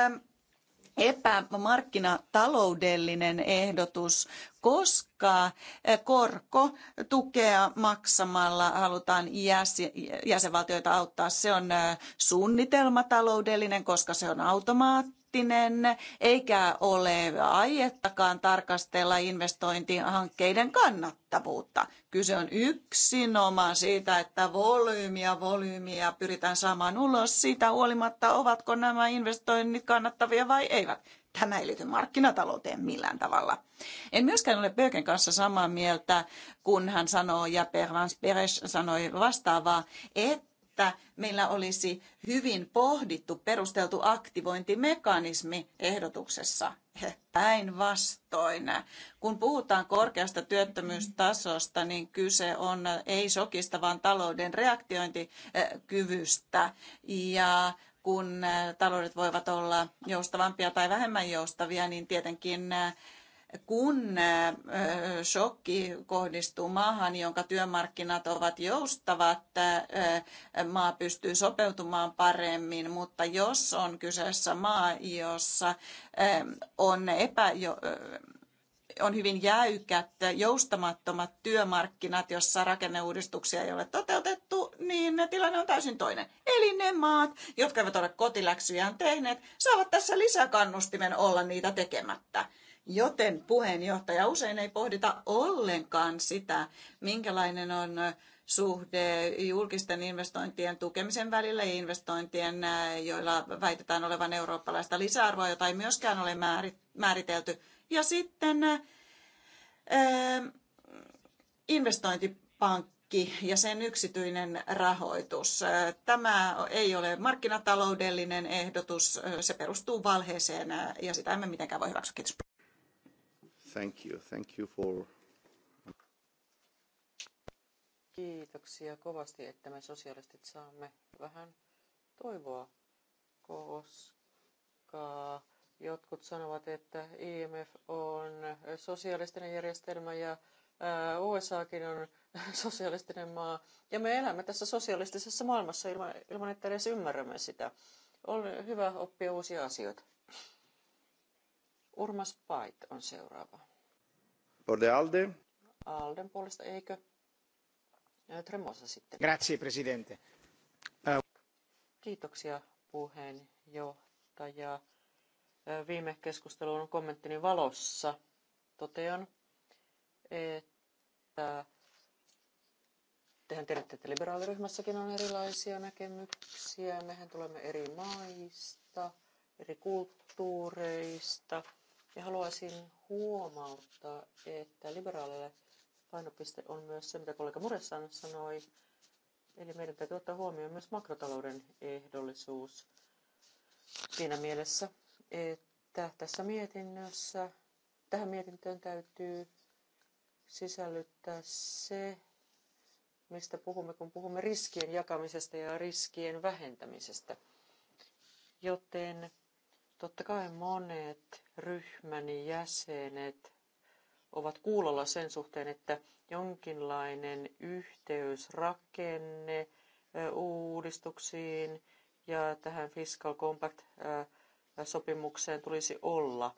Speaker 3: epämarkkinataloudellinen ehdotus, koska eh, korko tukea maksamalla halutaan jäsenvaltioita auttaa. Se on eh, suunnitelmataloudellinen, koska se on automaattinen, eikä ole aiettakaan tarkastella investointihankkeiden kannattavuutta. Kyse on yksinomaan siitä, että volyymiä volyymiä pyritään saamaan ulos siitä huolimatta, ovatko nämä investoinnit kannattavia vai eivät. Tämä ei liity markkinatalouteen millään tavalla. En myöskään ole Böken kanssa samaa mieltä, kun hän sanoo, ja Pervans Peres sanoi vastaavaa, että että meillä olisi hyvin pohdittu, perusteltu aktivointimekanismi ehdotuksessa. Päinvastoin. Kun puhutaan korkeasta työttömyystasosta, niin kyse on ei sokista, vaan talouden reaktiointikyvystä. Ja kun äh, taloudet voivat olla joustavampia tai vähemmän joustavia, niin tietenkin äh, kun äh, shokki kohdistuu maahan, jonka työmarkkinat ovat joustavat, maa pystyy sopeutumaan paremmin, mutta jos on kyseessä maa, jossa on epäjo- on hyvin jäykät, joustamattomat työmarkkinat, jossa rakenneuudistuksia ei ole toteutettu, niin tilanne on täysin toinen. Eli ne maat, jotka eivät ole kotiläksyjään tehneet, saavat tässä lisäkannustimen olla niitä tekemättä. Joten puheenjohtaja usein ei pohdita ollenkaan sitä, minkälainen on suhde julkisten investointien tukemisen välillä ja investointien, joilla väitetään olevan eurooppalaista lisäarvoa, jota ei myöskään ole määritelty ja sitten ää, investointipankki ja sen yksityinen rahoitus. Tämä ei ole markkinataloudellinen ehdotus, se perustuu valheeseen ja sitä emme mitenkään voi hyväksyä. Kiitos.
Speaker 4: Thank you. Thank you for...
Speaker 1: Kiitoksia kovasti, että me sosialistit saamme vähän toivoa, koska Jotkut sanovat, että IMF on sosialistinen järjestelmä ja USAkin on sosialistinen maa. Ja me elämme tässä sosialistisessa maailmassa ilman, ilman että edes ymmärrämme sitä. On hyvä oppia uusia asioita. Urmas Pait on seuraava.
Speaker 4: Por Alde.
Speaker 1: Alden puolesta, eikö? Tremosa sitten.
Speaker 4: Grazie, presidente.
Speaker 1: Kiitoksia puheenjohtaja viime keskustelun kommenttini valossa totean, että tehän tiedätte, että liberaaliryhmässäkin on erilaisia näkemyksiä. Mehän tulemme eri maista, eri kulttuureista. Ja haluaisin huomauttaa, että liberaaleille painopiste on myös se, mitä kollega Muressan sanoi. Eli meidän täytyy ottaa huomioon myös makrotalouden ehdollisuus siinä mielessä, että tässä mietinnössä, tähän mietintöön täytyy sisällyttää se, mistä puhumme, kun puhumme riskien jakamisesta ja riskien vähentämisestä. Joten totta kai monet ryhmäni jäsenet ovat kuulolla sen suhteen, että jonkinlainen yhteysrakenne uudistuksiin ja tähän Fiscal Compact sopimukseen tulisi olla.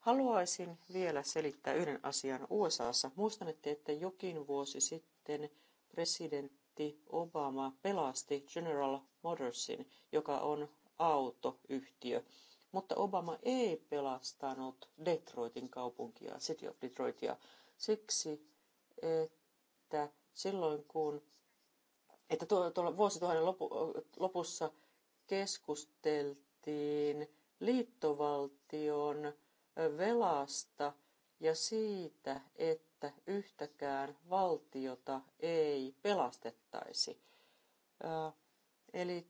Speaker 1: Haluaisin vielä selittää yhden asian USAssa. Muistan, että jokin vuosi sitten presidentti Obama pelasti General Motorsin, joka on autoyhtiö. Mutta Obama ei pelastanut Detroitin kaupunkia, City of Detroitia, siksi, että silloin kun, että tuolla vuosituhannen lopu, lopussa keskusteltiin liittovaltion velasta ja siitä, että yhtäkään valtiota ei pelastettaisi. Eli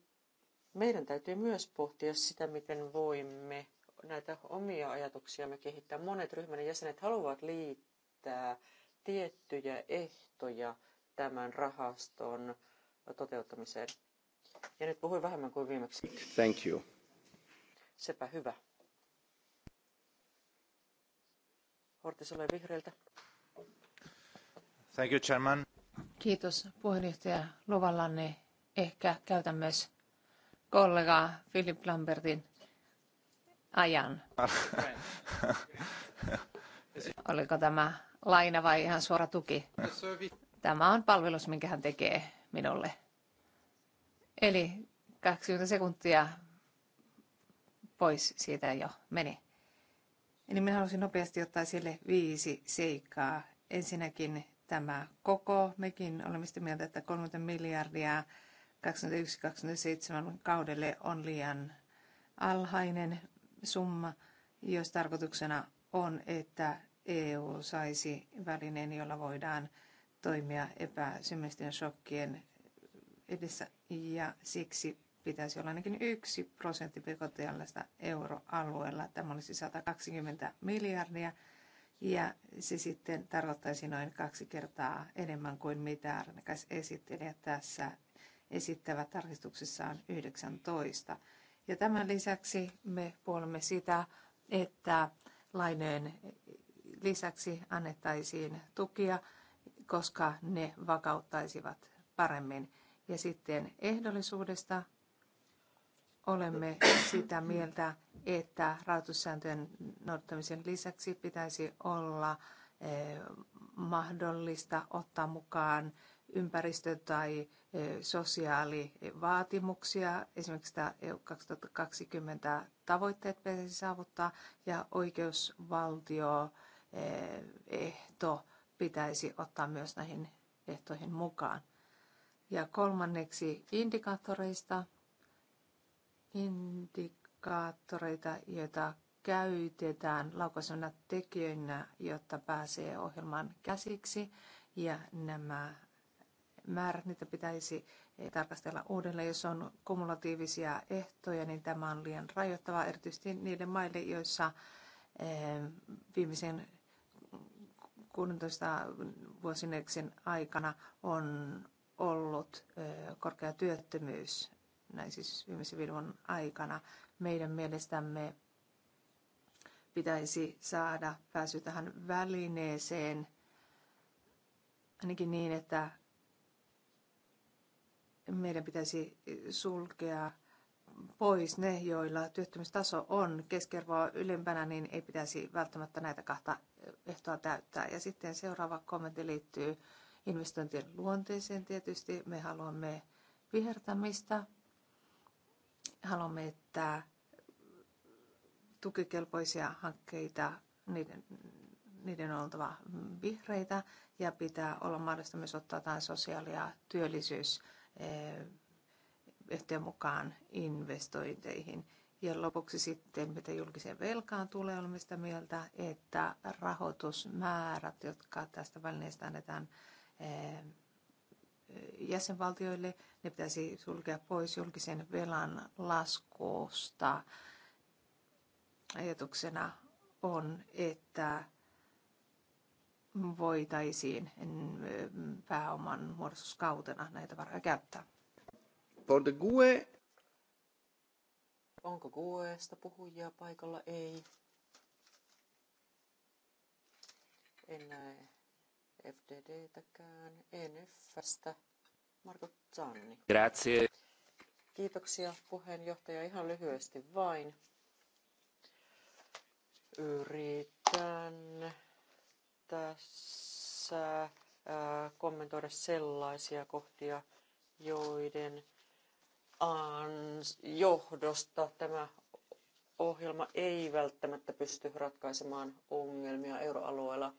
Speaker 1: meidän täytyy myös pohtia sitä, miten voimme näitä omia ajatuksiamme kehittää. Monet ryhmän jäsenet haluavat liittää tiettyjä ehtoja tämän rahaston toteuttamiseen. Ja nyt puhuin vähemmän kuin viimeksi. Thank you. Sepä hyvä. Hortis
Speaker 2: vihreiltä.
Speaker 4: Thank you, Chairman.
Speaker 2: Kiitos puheenjohtaja luvallanne. Ehkä käytän myös kollegaa Philip Lambertin ajan. Oliko tämä laina vai ihan suora tuki? Tämä on palvelus, minkä hän tekee minulle. Eli 20 sekuntia pois siitä jo meni. Eli minä halusin nopeasti ottaa sille viisi seikkaa. Ensinnäkin tämä koko. Mekin olemme sitä mieltä, että 30 miljardia 2021-2027 kaudelle on liian alhainen summa, jos tarkoituksena on, että EU saisi välineen, jolla voidaan toimia epäsymmisten shokkien edessä. Ja siksi pitäisi olla ainakin yksi prosentti BKTLstä euroalueella. Tämä olisi 120 miljardia ja se sitten tarkoittaisi noin kaksi kertaa enemmän kuin mitä Arnekas esittelijä tässä tarkistuksessa on 19. Ja tämän lisäksi me puolemme sitä, että lainojen lisäksi annettaisiin tukia, koska ne vakauttaisivat paremmin. Ja sitten ehdollisuudesta olemme sitä mieltä, että rahoitussääntöjen noudattamisen lisäksi pitäisi olla eh, mahdollista ottaa mukaan ympäristö- tai eh, sosiaalivaatimuksia. Esimerkiksi tämä EU 2020 tavoitteet pitäisi saavuttaa ja oikeusvaltioehto eh, pitäisi ottaa myös näihin ehtoihin mukaan. Ja kolmanneksi indikaattoreista indikaattoreita, joita käytetään laukaisuna tekijöinä, jotta pääsee ohjelman käsiksi. Ja nämä määrät, niitä pitäisi tarkastella uudelleen. Jos on kumulatiivisia ehtoja, niin tämä on liian rajoittavaa, erityisesti niille maille, joissa eh, viimeisen 16 vuosineksen aikana on ollut eh, korkea työttömyys näin siis viimeisen viiden aikana. Meidän mielestämme pitäisi saada pääsy tähän välineeseen ainakin niin, että meidän pitäisi sulkea pois ne, joilla työttömyystaso on keskervoa ylempänä, niin ei pitäisi välttämättä näitä kahta ehtoa täyttää. Ja sitten seuraava kommentti liittyy investointien luonteeseen tietysti. Me haluamme vihertämistä, Haluamme, että tukikelpoisia hankkeita, niiden, niiden on oltava vihreitä ja pitää olla mahdollista myös ottaa tämän sosiaali- ja työllisyys ehtojen mukaan investointeihin. Ja lopuksi sitten, mitä julkiseen velkaan tulee, olemme sitä mieltä, että rahoitusmäärät, jotka tästä välineestä annetaan eh, jäsenvaltioille. Ne pitäisi sulkea pois julkisen velan laskusta. Ajatuksena on, että voitaisiin mm, pääoman muodostuskautena näitä varoja käyttää.
Speaker 1: Por de GUE. Onko GUEsta puhujia paikalla? Ei. En näe FDDtäkään, ENFstä. Marko Zanni. Grazie. Kiitoksia puheenjohtaja. Ihan lyhyesti vain. Yritän tässä kommentoida sellaisia kohtia, joiden johdosta tämä ohjelma ei välttämättä pysty ratkaisemaan ongelmia euroalueella.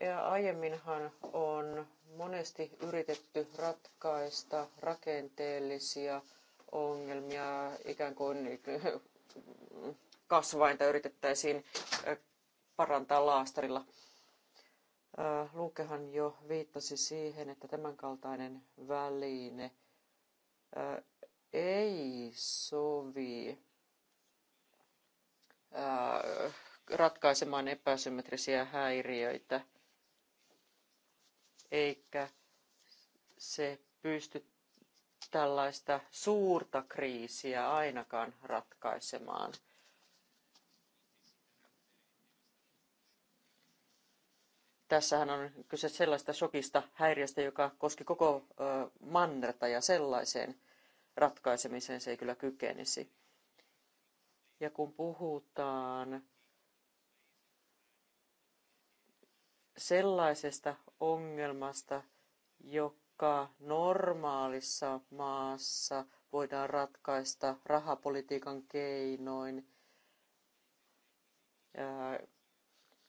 Speaker 1: Ja aiemminhan on monesti yritetty ratkaista rakenteellisia ongelmia ikään kuin kasvainta yritettäisiin parantaa laastarilla. Lukehan jo viittasi siihen, että tämänkaltainen väline ei sovi ratkaisemaan epäsymmetrisiä häiriöitä – eikä se pysty tällaista suurta kriisiä ainakaan ratkaisemaan. Tässähän on kyse sellaista shokista häiriöstä, joka koski koko mannerta ja sellaiseen ratkaisemiseen se ei kyllä kykenisi. Ja kun puhutaan sellaisesta ongelmasta, joka normaalissa maassa voidaan ratkaista rahapolitiikan keinoin.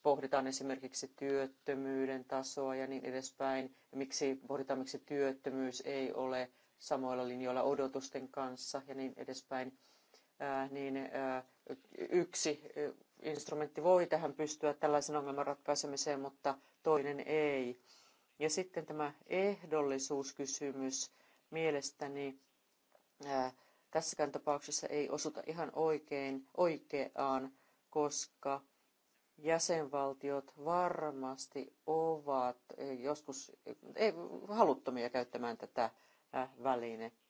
Speaker 1: Pohditaan esimerkiksi työttömyyden tasoa ja niin edespäin. Miksi pohditaan, miksi työttömyys ei ole samoilla linjoilla odotusten kanssa ja niin edespäin. Niin yksi instrumentti voi tähän pystyä tällaisen ongelman ratkaisemiseen, mutta toinen ei. Ja sitten tämä ehdollisuuskysymys mielestäni ää, tässäkään tapauksessa ei osuta ihan oikein, oikeaan, koska jäsenvaltiot varmasti ovat joskus ei, haluttomia käyttämään tätä välinettä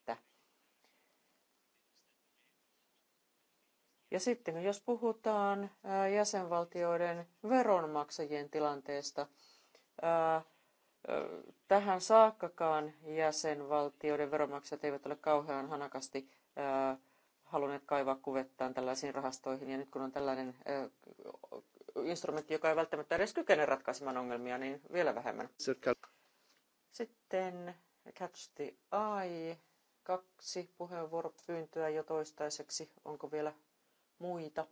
Speaker 1: Ja sitten jos puhutaan jäsenvaltioiden veronmaksajien tilanteesta, tähän saakkakaan jäsenvaltioiden veronmaksajat eivät ole kauhean hanakasti halunneet kaivaa kuvettaan tällaisiin rahastoihin. Ja nyt kun on tällainen instrumentti, joka ei välttämättä edes kykene ratkaisemaan ongelmia, niin vielä vähemmän. Sitten Catch the Eye. Kaksi puheenvuoropyyntöä jo toistaiseksi. Onko vielä muita.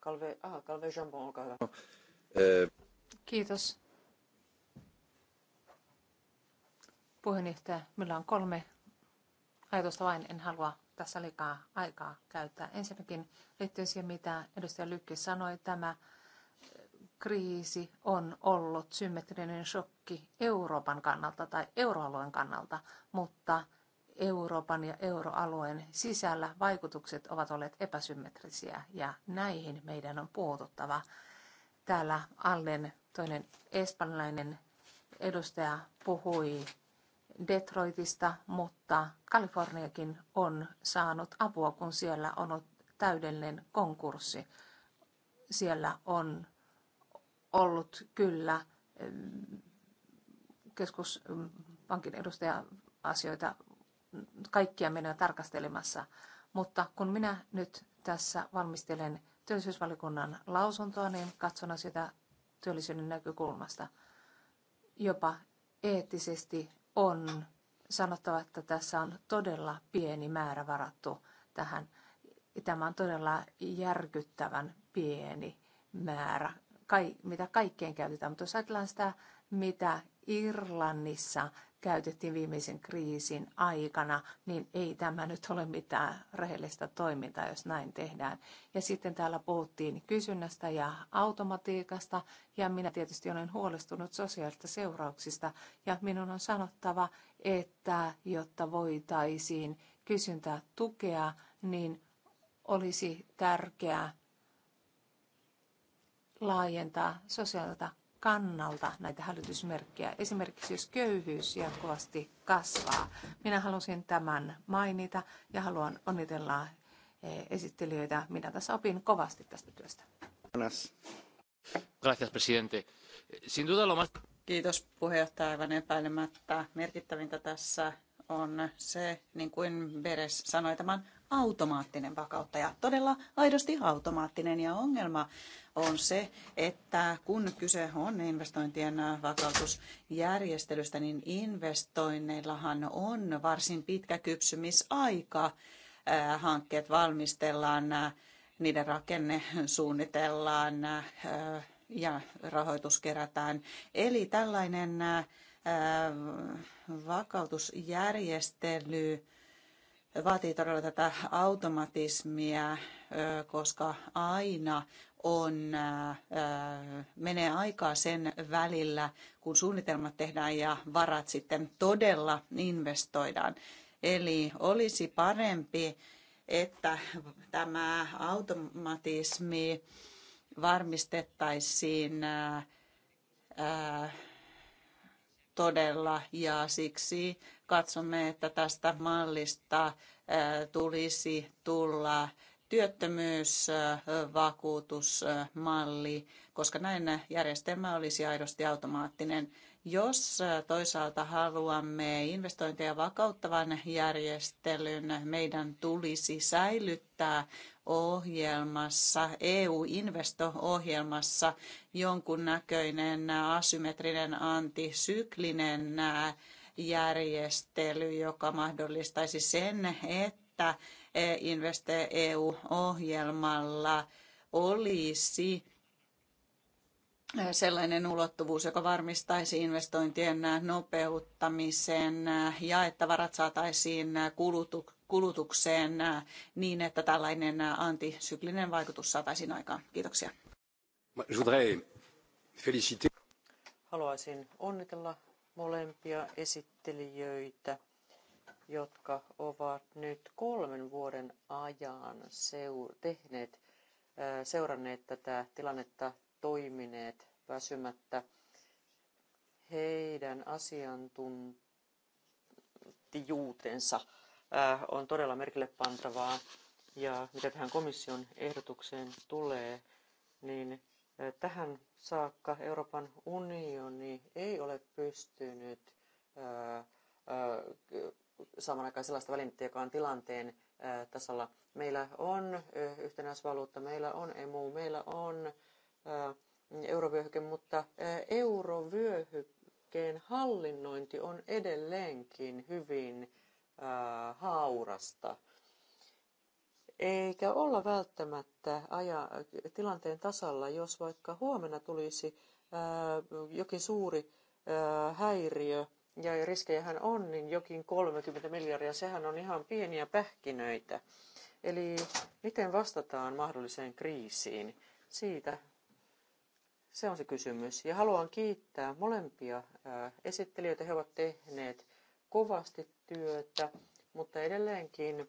Speaker 2: Kalve, aha,
Speaker 1: Kalve Jambon, olkaa hyvä.
Speaker 2: Kiitos. Puheenjohtaja, meillä on kolme ajatusta vain, en halua tässä liikaa aikaa käyttää. Ensinnäkin liittyen siihen, mitä edustaja Lykki sanoi, tämä kriisi on ollut symmetrinen shokki Euroopan kannalta tai euroalueen kannalta, mutta Euroopan ja euroalueen sisällä vaikutukset ovat olleet epäsymmetrisiä ja näihin meidän on puututtava. Täällä Allen, toinen espanjalainen edustaja, puhui Detroitista, mutta Kaliforniakin on saanut apua, kun siellä on ollut täydellinen konkurssi. Siellä on ollut kyllä eh, keskuspankin edustaja asioita kaikkia meidän tarkastelemassa. Mutta kun minä nyt tässä valmistelen työllisyysvalikunnan lausuntoa, niin katson sitä työllisyyden näkökulmasta. Jopa eettisesti on sanottava, että tässä on todella pieni määrä varattu tähän. Tämä on todella järkyttävän pieni määrä, mitä kaikkeen käytetään. Mutta jos ajatellaan sitä mitä Irlannissa käytettiin viimeisen kriisin aikana, niin ei tämä nyt ole mitään rehellistä toimintaa, jos näin tehdään. Ja sitten täällä puhuttiin kysynnästä ja automatiikasta, ja minä tietysti olen huolestunut sosiaalista seurauksista, ja minun on sanottava, että jotta voitaisiin kysyntää tukea, niin olisi tärkeää laajentaa sosiaalista kannalta näitä hälytysmerkkejä. Esimerkiksi jos köyhyys jatkuvasti kasvaa. Minä halusin tämän mainita ja haluan onnitella eh, esittelijöitä. Minä tässä opin kovasti tästä työstä.
Speaker 3: Kiitos puheenjohtaja. Aivan epäilemättä merkittävintä tässä on se, niin kuin Beres sanoi, tämän automaattinen vakauttaja, todella aidosti automaattinen. Ja ongelma on se, että kun kyse on investointien vakautusjärjestelystä, niin investoinneillahan on varsin pitkä kypsymisaika. Äh, hankkeet valmistellaan, äh, niiden rakenne suunnitellaan äh, ja rahoitus kerätään. Eli tällainen vakautusjärjestely vaatii todella tätä automatismia, koska aina on, menee aikaa sen välillä, kun suunnitelmat tehdään ja varat sitten todella investoidaan. Eli olisi parempi, että tämä automatismi varmistettaisiin todella ja siksi katsomme, että tästä mallista tulisi tulla työttömyysvakuutusmalli, koska näin järjestelmä olisi aidosti automaattinen. Jos toisaalta haluamme investointeja vakauttavan järjestelyn, meidän tulisi säilyttää ohjelmassa, EU-investo-ohjelmassa jonkunnäköinen asymmetrinen antisyklinen järjestely, joka mahdollistaisi sen, että Investe EU-ohjelmalla olisi sellainen ulottuvuus, joka varmistaisi investointien nopeuttamisen ja että varat saataisiin kulutukseen niin, että tällainen antisyklinen vaikutus saataisiin aikaan. Kiitoksia.
Speaker 1: Haluaisin onnitella molempia esittelijöitä, jotka ovat nyt kolmen vuoden ajan seur- tehneet, seuranneet tätä tilannetta, toimineet väsymättä. Heidän asiantuntijuutensa on todella merkille pantavaa. Ja mitä tähän komission ehdotukseen tulee, niin tähän saakka Euroopan unioni ei ole pystynyt saamaan aikaan sellaista välinettä, joka on tilanteen tasolla. Meillä on yhtenäisvaluutta, meillä on emu, meillä on eurovyöhyke, mutta eurovyöhykkeen hallinnointi on edelleenkin hyvin haurasta eikä olla välttämättä aja, tilanteen tasalla, jos vaikka huomenna tulisi ää, jokin suuri ää, häiriö, ja riskejähän on, niin jokin 30 miljardia, sehän on ihan pieniä pähkinöitä. Eli miten vastataan mahdolliseen kriisiin? Siitä se on se kysymys. Ja haluan kiittää molempia esittelijöitä. He ovat tehneet kovasti työtä, mutta edelleenkin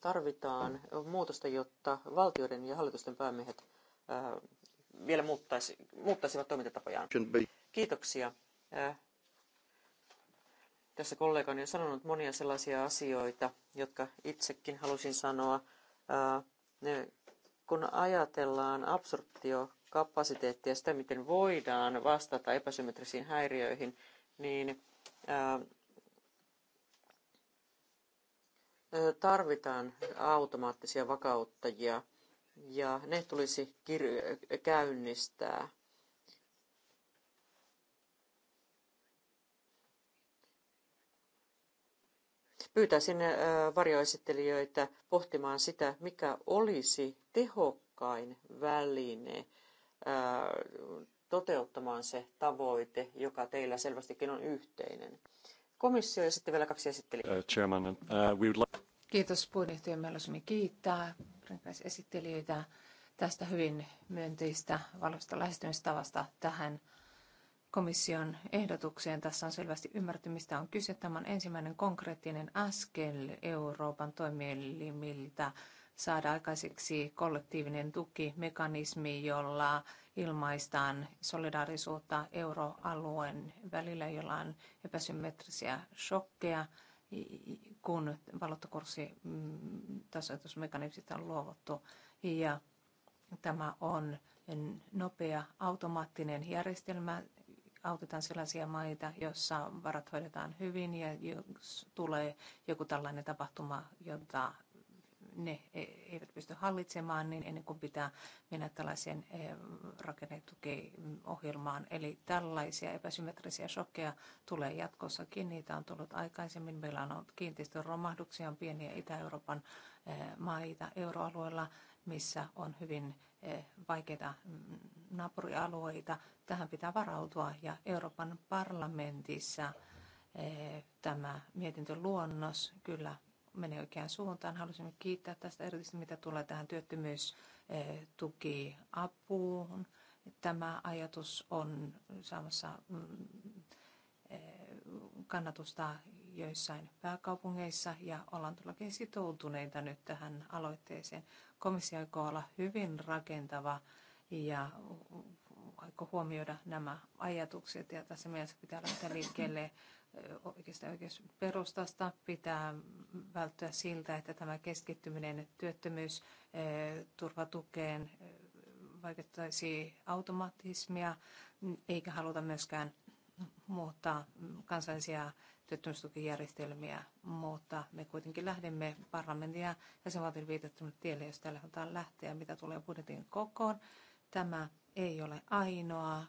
Speaker 1: Tarvitaan muutosta, jotta valtioiden ja hallitusten päämiehet vielä muuttaisi, muuttaisivat toimintatapojaan. Kiitoksia. Tässä kollega on jo sanonut monia sellaisia asioita, jotka itsekin halusin sanoa. Kun ajatellaan absorptiokapasiteettia, sitä miten voidaan vastata epäsymmetrisiin häiriöihin, niin tarvitaan automaattisia vakauttajia ja ne tulisi käynnistää. Pyytäisin varjoesittelijöitä pohtimaan sitä, mikä olisi tehokkain väline toteuttamaan se tavoite, joka teillä selvästikin on yhteinen komissio ja sitten vielä kaksi esittelijää. Uh, uh,
Speaker 2: Kiitos puheenjohtaja. Me kiittää esittelijöitä tästä hyvin myönteistä valosta lähestymistavasta tähän komission ehdotukseen. Tässä on selvästi ymmärretty, mistä on kyse. Tämä on ensimmäinen konkreettinen askel Euroopan toimielimiltä saada aikaiseksi kollektiivinen tukimekanismi, jolla ilmaistaan solidaarisuutta euroalueen välillä, jolla on epäsymmetrisiä shokkeja, kun valuuttakurssitasoitusmekanismit on luovuttu. Ja tämä on nopea automaattinen järjestelmä, autetaan sellaisia maita, joissa varat hoidetaan hyvin ja jos tulee joku tällainen tapahtuma, jota ne e, eivät pysty hallitsemaan, niin ennen kuin pitää mennä tällaiseen e, rakennetukiohjelmaan. Eli tällaisia epäsymmetrisiä shokkeja tulee jatkossakin. Niitä on tullut aikaisemmin. Meillä on ollut kiinteistön romahduksia, on pieniä Itä-Euroopan e, maita euroalueella, missä on hyvin vaikeita mm, naapurialueita. Tähän pitää varautua ja Euroopan parlamentissa tämä mietintöluonnos kyllä menee oikeaan suuntaan. Halusimme kiittää tästä erityisesti, mitä tulee tähän työttömyystukiapuun. Tämä ajatus on saamassa mm, eh, kannatusta joissain pääkaupungeissa ja ollaan todellakin sitoutuneita nyt tähän aloitteeseen. Komissio aikoo olla hyvin rakentava ja aikoo huomioida nämä ajatukset ja tässä mielessä pitää lähteä liikkeelle oikeasta oikeusperustasta. Pitää välttyä siltä, että tämä keskittyminen työttömyysturvatukeen vaikuttaisi automatismia, eikä haluta myöskään muuttaa kansallisia työttömyystukijärjestelmiä, mutta me kuitenkin lähdemme parlamentin ja jäsenvaltion viitattomalle tielle, jos tällä halutaan lähteä, mitä tulee budjetin kokoon. Tämä ei ole ainoa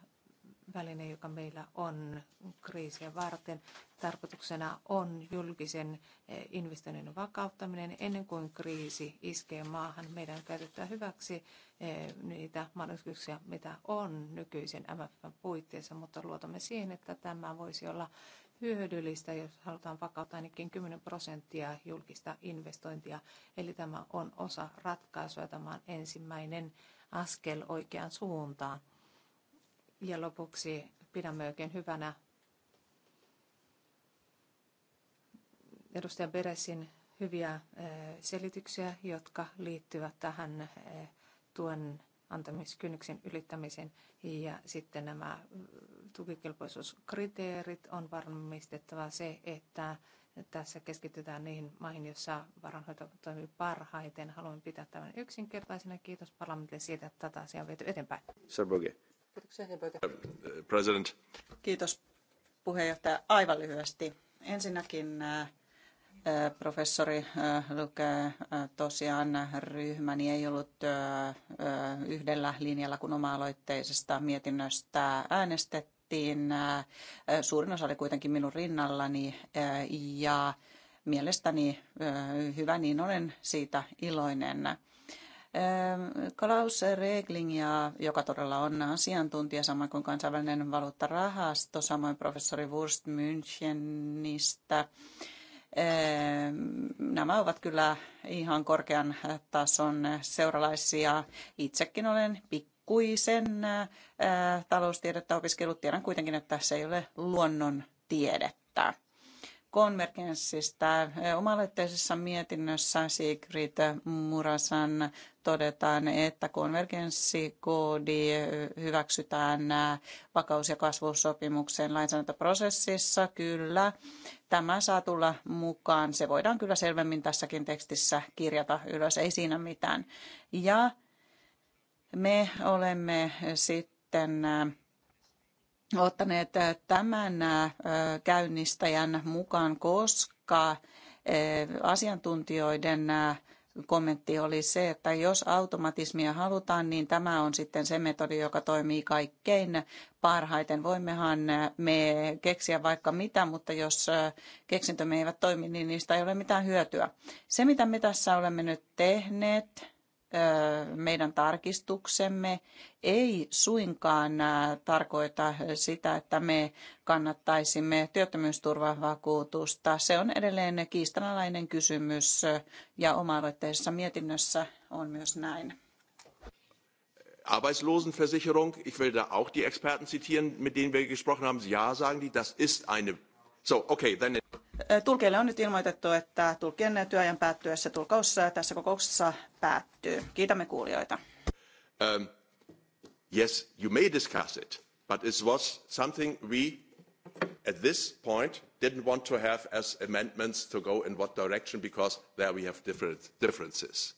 Speaker 2: väline, joka meillä on kriisiä varten. Tarkoituksena on julkisen eh, investoinnin vakauttaminen ennen kuin kriisi iskee maahan. Meidän on käytettävä hyväksi eh, niitä mahdollisuuksia, mitä on nykyisen MFN puitteissa, mutta luotamme siihen, että tämä voisi olla hyödyllistä, jos halutaan vakauttaa ainakin 10 prosenttia julkista investointia. Eli tämä on osa ratkaisua, tämä on ensimmäinen askel oikeaan suuntaan. Ja lopuksi pidämme oikein hyvänä edustaja Beresin hyviä e, selityksiä, jotka liittyvät tähän e, tuen antamiskynnyksen ylittämiseen. Ja sitten nämä e, tukikelpoisuuskriteerit on varmistettava se, että tässä keskitytään niihin maihin, joissa varanhoito toimii parhaiten. Haluan pitää tämän yksinkertaisena. Kiitos parlamentille siitä, että tätä asiaa on viety eteenpäin. Sarboge. Eh,
Speaker 3: Kiitos puheenjohtaja. Aivan lyhyesti. Ensinnäkin eh, eh, professori Luke, tosiaan ryhmäni ei ollut yhdellä linjalla, kun oma-aloitteisesta mietinnöstä äänestettiin. Suurin osa oli kuitenkin minun rinnallani ja mielestäni hyvä, niin olen siitä iloinen. Ehm, Klaus Regling, joka todella on asiantuntija, samoin kuin kansainvälinen valuuttarahasto, samoin professori Wurst Münchenistä, ehm, Nämä ovat kyllä ihan korkean tason seuralaisia. Itsekin olen pikkuisen äh, taloustiedettä opiskellut. Tiedän kuitenkin, että se ei ole luonnon tiedettä. Konvergenssistä äh, oma mietinnössä Sigrid Murasan todetaan, että konvergenssikoodi hyväksytään vakaus- ja kasvusopimuksen lainsäädäntöprosessissa. Kyllä, tämä saa tulla mukaan. Se voidaan kyllä selvemmin tässäkin tekstissä kirjata ylös, ei siinä mitään. Ja me olemme sitten äh, ottaneet äh, tämän äh, käynnistäjän mukaan, koska asiantuntijoiden kommentti oli se, että jos automatismia halutaan, niin tämä on sitten se metodi, joka toimii kaikkein parhaiten. Voimmehan me keksiä vaikka mitä, mutta jos keksintömme eivät toimi, niin niistä ei ole mitään hyötyä. Se, mitä me tässä olemme nyt tehneet, meidän tarkistuksemme ei suinkaan tarkoita sitä, että me kannattaisimme työttömyysturvavakuutusta. Se on edelleen kiistanalainen kysymys ja oma-aloitteisessa mietinnössä on myös näin.
Speaker 5: Arbeitslosenversicherung, ich will da auch die Experten zitieren, mit denen wir gesprochen haben. Ja, sagen die, das ist eine. So, okay, then.
Speaker 3: Tulkeille on nyt ilmoitettu, että tulkien työajan päättyessä tulkaus tässä kokouksessa päättyy. Kiitämme kuulijoita.
Speaker 5: Um, yes, you may discuss it, but it was something we at this point didn't want to have as amendments to go in what direction because there we have different differences.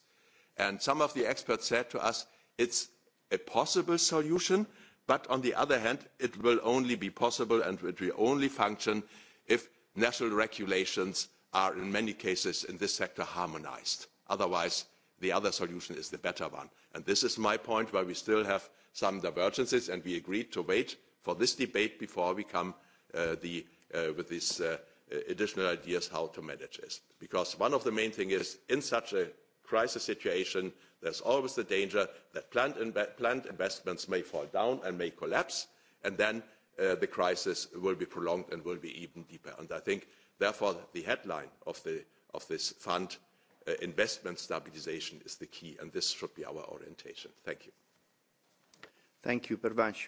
Speaker 5: And some of the experts said to us it's a possible solution, but on the other hand, it will only be possible and it will only function if national regulations are in many cases in this sector harmonised. Otherwise, the other solution is the better one. And this is my point where we still have some divergences and we agreed to wait for this debate before we come uh, the, uh, with these uh, additional ideas how to manage this. Because one of the main things is in such a crisis situation, there's always the danger that planned, planned investments may fall down and may collapse. And then Uh, the crisis will be prolonged and will be even deeper. And I think, therefore, the headline of, this fund, uh, investment stabilization, is the key, and this should be our orientation. Thank you.
Speaker 4: Thank you, Pervanche.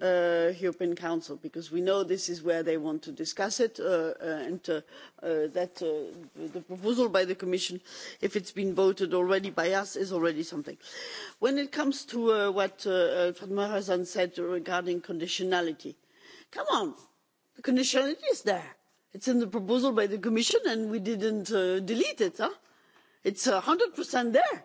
Speaker 6: Uh, European Council, because we know this is where they want to discuss it, uh, uh, and that the proposal by the Commission, if it's been voted already by us, is already something. When it comes to what Alfred Morazan said regarding conditionality, come on, the conditionality is there. It's in the proposal by the Commission, and we didn't delete it. it's one hundred there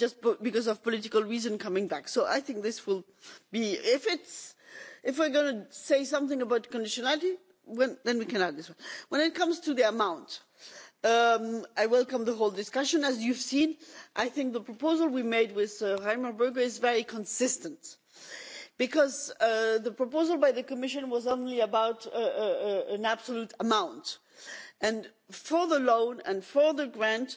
Speaker 6: just because of political reasons coming back. so i think this will be if it's if we're going to say something about conditionality then we can add this one. when it comes to the amount um, i welcome the whole discussion. as you've seen i think the proposal we made with uh, reimer bge is very consistent because uh, the proposal by the commission was only about uh, an absolute amount and for the loan and for the grant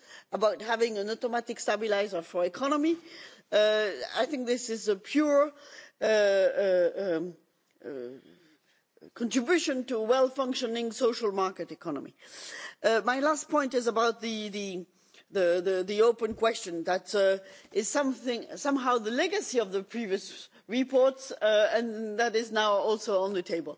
Speaker 6: about having an automatic stabiliser for the economy uh, i think this is a pure uh, uh um, uh, contribution to a well functioning social market economy. Uh, my last point is about the, the The, the, the open question that uh, is something somehow the legacy of the previous reports uh, and that is now also on the table